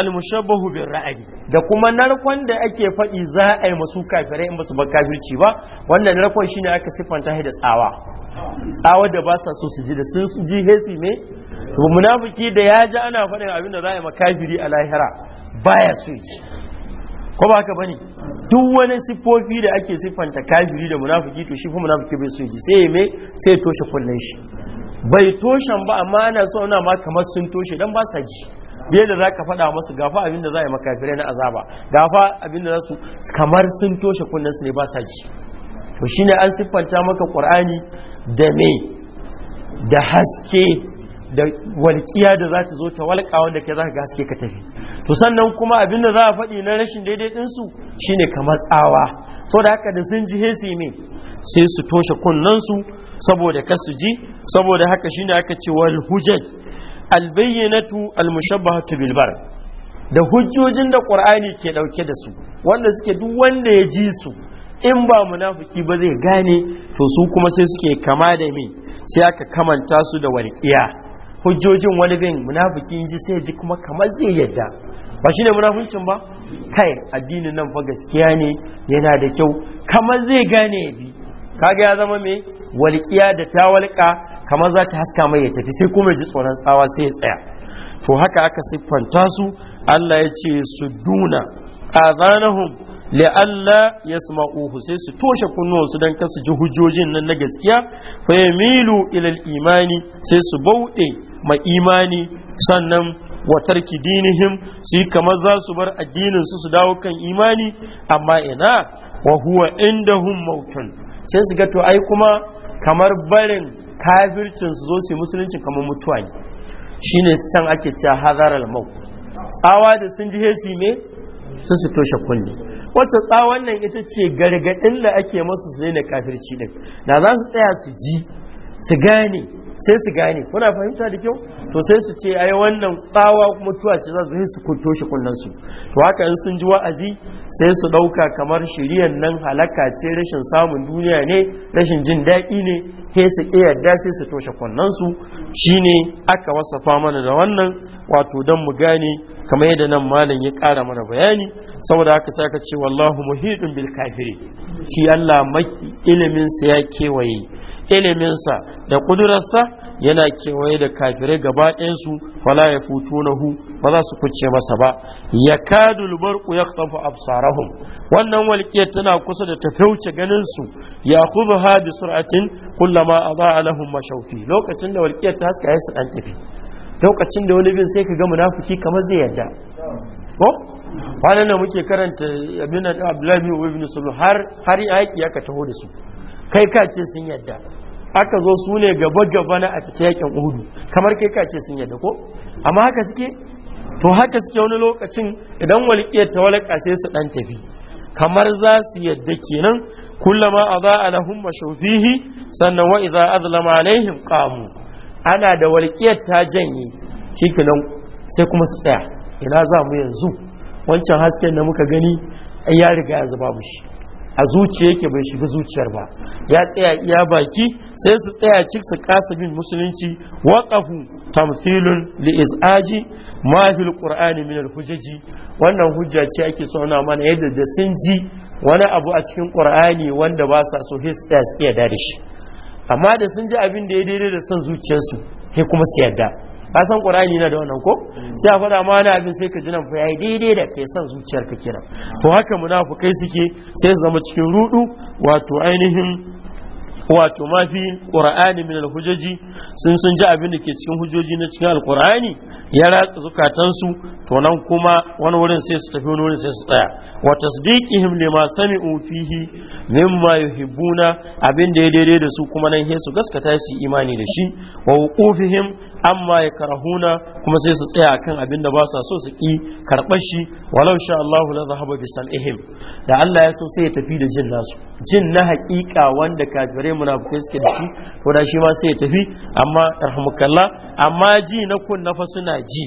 [SPEAKER 1] al mushabbahu bir ra'ayi da kuma narkon da ake faɗi za a yi masu kafirai in basu bar kafirci ba wannan narkon shine aka siffanta da tsawa tsawa da ba sa so su ji da sun ji hesi me munafiki da ya ji ana faɗin abin da za a yi makafiri a lahira baya so ko ba haka bane duk wani siffofi da ake siffanta kafiri da munafiki to shi fa munafiki bai so ji sai me sai toshe kullun shi bai toshen ba amma ana so ana ma kamar sun toshe dan ba sa ji Biye da zaka faɗa musu gafa abin da za yi makafire na azaba gafa abin da za su kamar sun toshe kullun su ne ba sa ji to shine an siffanta maka qur'ani da me da haske da walƙiya da za ta zo ta walƙa wanda ke za ka gaske ka tafi to sannan kuma abin da za a faɗi na rashin daidai ɗinsu shine kamar tsawa to da haka da sun ji hesi me sai su toshe kunnensu saboda ka su ji saboda haka shine aka ce wal hujaj al bayyinatu al mushabbahatu bil bar da hujjojin da qur'ani ke dauke da su wanda suke duk wanda ya ji su in ba munafiki ba zai gane to su kuma sai suke kama da me sai aka kamanta su da walƙiya hujjojin wani bin munafiki ji sai ji kuma kamar zai yadda ba shine munafuncin ba kai addinin nan fa gaskiya ne yana da kyau kamar zai gane bi kaga ya zama mai walƙiya da ta walƙa kamar za ta haska mai ya tafi sai kuma ji tsoron tsawa sai ya tsaya to haka aka siffanta su Allah ya ce su duna azanahum la'alla yasma'uhu sai su toshe kunnuwansu don kasu ji hujjojin nan na gaskiya fa ya milu ilal imani sai su bauɗe mai imani sannan watarki dinihim su yi kamar za su bar addinin su su dawo kan imani amma ina wa huwa hun mautun sai su ga to ai kuma kamar barin kafircin su zo su musulunci kamar mutuwa ne shine can ake cewa hazaral mau tsawa da sun ji hesi me sun su toshe kunne wacce tsawon nan ita ce gargadin da ake masu su daina kafirci din? Na za su tsaya su ji su gane sai su gane kuna fahimta da kyau to sai su ce ai wannan tsawa kuma tuwa ce za su yi su kunto shi kullun su to haka in sun ji wa'azi sai su dauka kamar shiriyan nan halaka ce rashin samun duniya ne rashin jin daɗi ne sai su ki yarda sai su toshe kullun su shine aka wasafa mana da wannan wato dan mu gane kamar yadda nan malam ya ƙara mana bayani saboda haka sai ka ce wallahu muhidun bil kafiri shi Allah maki ilimin sa ya kewaye iliminsa da kudurarsa yana kewaye da kafirai gaba su fala ya futu na hu ba za su kuce masa ba ya kadu barku ya absarahum wannan walƙiya tana kusa da tafauce fauce ganinsu ya kuma ha bi sur'atin kullama a za a lahun lokacin da walƙiya ta haska ya su tafi lokacin da wani bin sai ka ga munafuki kamar zai yadda ko kwanan da muke karanta abin da abdullahi ibn sulhu har har yaki ya ka taho da su kai ka ce sun yadda aka zo su ne gaba-gaba na a fice yakin uhudu kamar kai ka ce sun yadda ko amma haka suke to haka suke wani lokacin idan walƙiyar ta walƙa sai su ɗan tafi kamar za su yadda kenan kullama a za a lahun sannan wa iza azlama alaihim qamu ana da walƙiyar ta janye Kikinan sai kuma su tsaya ina za mu yanzu wancan hasken da muka gani ya riga ya zuba mu shi a zuciya yake bai shiga zuciyar ba ya tsaya iya baki sai su tsaya cik su kasa bin musulunci waqafu tamthilun li izaji ma fil qur'ani min al wannan hujja ce ake so na mana yadda da sun ji wani abu a cikin qur'ani wanda ba sa so his tsaya su iya da shi amma da sun ji abin da ya daidai da son zuciyarsu sai kuma su yarda ka san qur'ani na da wannan ko mm. sai a faɗa ma wani abin sai ka ji nan fa yayi daidai da kai san zuciyar ka kenan to haka munafukai suke sai su zama cikin rudu wato ainihin wato ma fi qur'ani min alhujaji sun sun ji abin da ke cikin hujoji na cikin alqur'ani ya ratsa zukatansu to nan kuma wani wurin sai su tafi wani wurin sai su tsaya wa tasdiqihim lima sami'u fihi mimma yuhibbuna abin da ya daidai da su kuma nan sai su gaskata su imani da shi wa wuqufihim amma ya yakrahuna kuma sai su tsaya akan abin da ba sa so su ki karɓar shi walau sha Allahu la zahaba bi sam'ihim da Allah ya so sai ya tafi da jin nasu jin na haƙiƙa wanda kafirai munafukai suke da shi ko da shi ma sai ya tafi amma tarhamukalla amma ji na kun nafa suna ji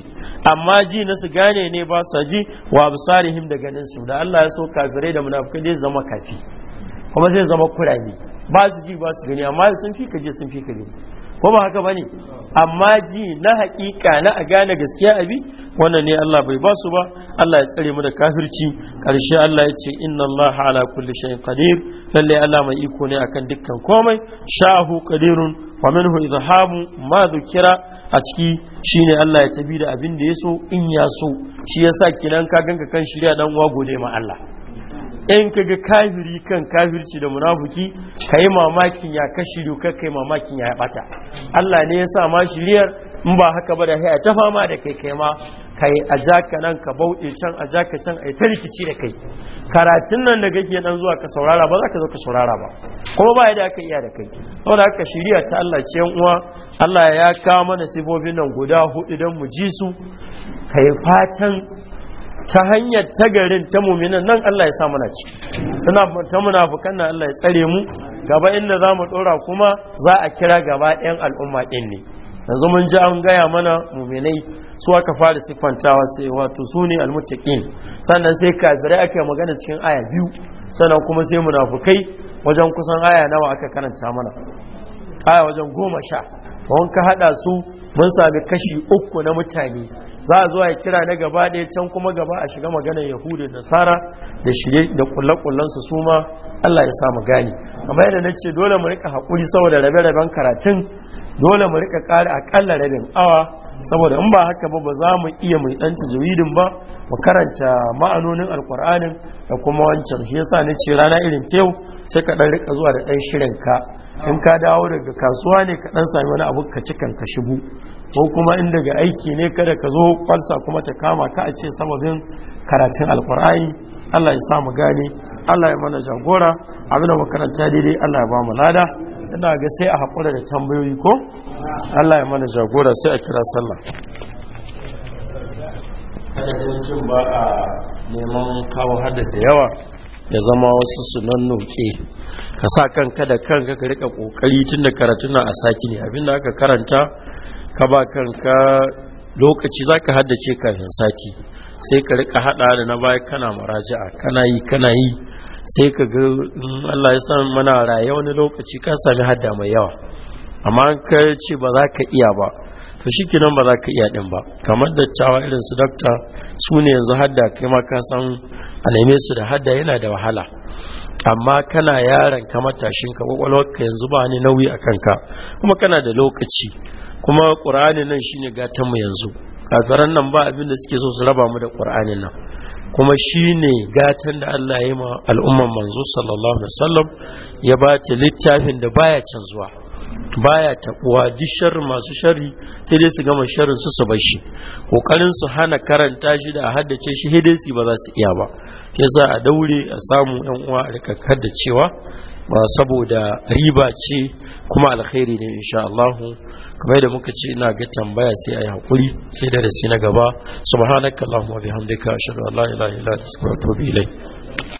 [SPEAKER 1] amma ji na su gane ne ba su ji wa absarihim da ganin su da Allah ya so kafirai da munafukai zai zama kafi kuma zai zama kurami ba su ji ba su gani amma sun fi ka je sun fi ka gani ko ba haka bane amma ji na haƙiƙa na a gane gaskiya abi wannan ne Allah bai basu ba Allah ya tsare mu da kafirci karshe Allah ya ce inna Allah ala kulli shay'in qadir lalle Allah mai iko ne akan dukkan komai shahu qadirun wa minhu izhabu ma dhukira a ciki shine Allah ya tabi da abin da ya so in ya so shi yasa kinan ka ganka kan shirya dan wago ne ma Allah in ka ga kafiri kan kafirci da munafuki ka yi mamakin ya kashi ka kai mamakin ya bata Allah ne ya sa ma shiryar in ba haka ba da haya ta fama da kai kai ma kai a zaka nan ka bauɗe can a zaka can a yi ta rikici da kai karatun nan da kake dan zuwa ka saurara ba za ka zo ka saurara ba kuma ba da aka iya da kai saboda haka shirya ta Allah ce yan uwa Allah ya kawo mana sifofin nan guda hudu don mu ji su ka yi fatan ta hanyar ta garin ta muminan nan Allah ya sa muna ci tana ta munafukan nan Allah ya tsare mu gaba inda za mu dora kuma za a kira gaba ɗayan al'umma ɗin ne yanzu mun ji an gaya mana muminai su aka fara siffantawa sai wato su ne almuttaqin sannan sai kafirai aka yi magana cikin aya biyu sannan kuma sai munafukai wajen kusan aya nawa aka karanta mana aya wajen goma sha wani ka haɗa su mun sami kashi uku na mutane za a zuwa ya kira na gaba ɗaya can kuma gaba a shiga maganar yahudu da nasara da shirye da kullakullansu su ma allah ya samu gani amma yadda na ce dole mu rika haƙuri saboda rabe-raben karatun dole mu rika kare akalla rabin awa saboda in ba haka ba ba za mu iya mai dan tajwidin ba mu karanta ma'anonin alkur'ani da kuma wancan shi yasa ne ce rana irin kyau sai ka dan rika zuwa da dan shirin ka in ka dawo daga kasuwa ne ka dan sami wani abu ka cikan ka shigo ko kuma in daga aiki ne kada ka zo kwalsa kuma ta kama ka a ce sababin karatun alkur'ani Allah ya sa mu gane Allah ya mana jagora abin da makaranta daidai Allah ya ba mu lada ina ga sai a haƙura da tambayoyi ko Allah ya mana jagora sai a kira sallah cikin ba a neman kawo hada da yawa ya zama wasu sunan noke ka sa kanka da kanka ka rika kokari tun da karatu a saki ne abinda aka karanta ka ba kanka lokaci za ka haddace kafin saki, sai ka rika haɗa da na baya kana maraji'a kana yi kana yi sai ka ga Allah ya san mana raye wani lokaci ka sami hadda mai yawa amma ka ce ba za ka iya ba to shi kinan ba za ka iya din ba kamar dattawa irin su dakta su ne yanzu hadda kai ma ka san a su da hadda yana da wahala amma kana yaron ka matashin ka ka yanzu ba ni nauyi a kanka kuma kana da lokaci kuma ƙur'ani nan shine gatan mu yanzu kafiran nan ba abin da suke so su raba mu da ƙur'ani nan kuma shi ne gatan da Allah ya yi ma al'umman manzo sallallahu alaihi wasallam ya ba ta littafin da baya canzuwa baya taɓuwa duk masu shari sai dai su gama sharin su su bashi kokarin su hana karanta shi da haddace shi hidinsi ba za su iya ba ya yasa a daure a samu yan uwa a da cewa ba saboda riba ce kuma alkhairi ne insha Allah kamar da muka ce ina ga tambaya sai a yi haƙuri sai da rasi na gaba subhanakallahumma bihamdika ashhadu an la ilaha illa anta astaghfiruka wa atubu
[SPEAKER 4] ilayk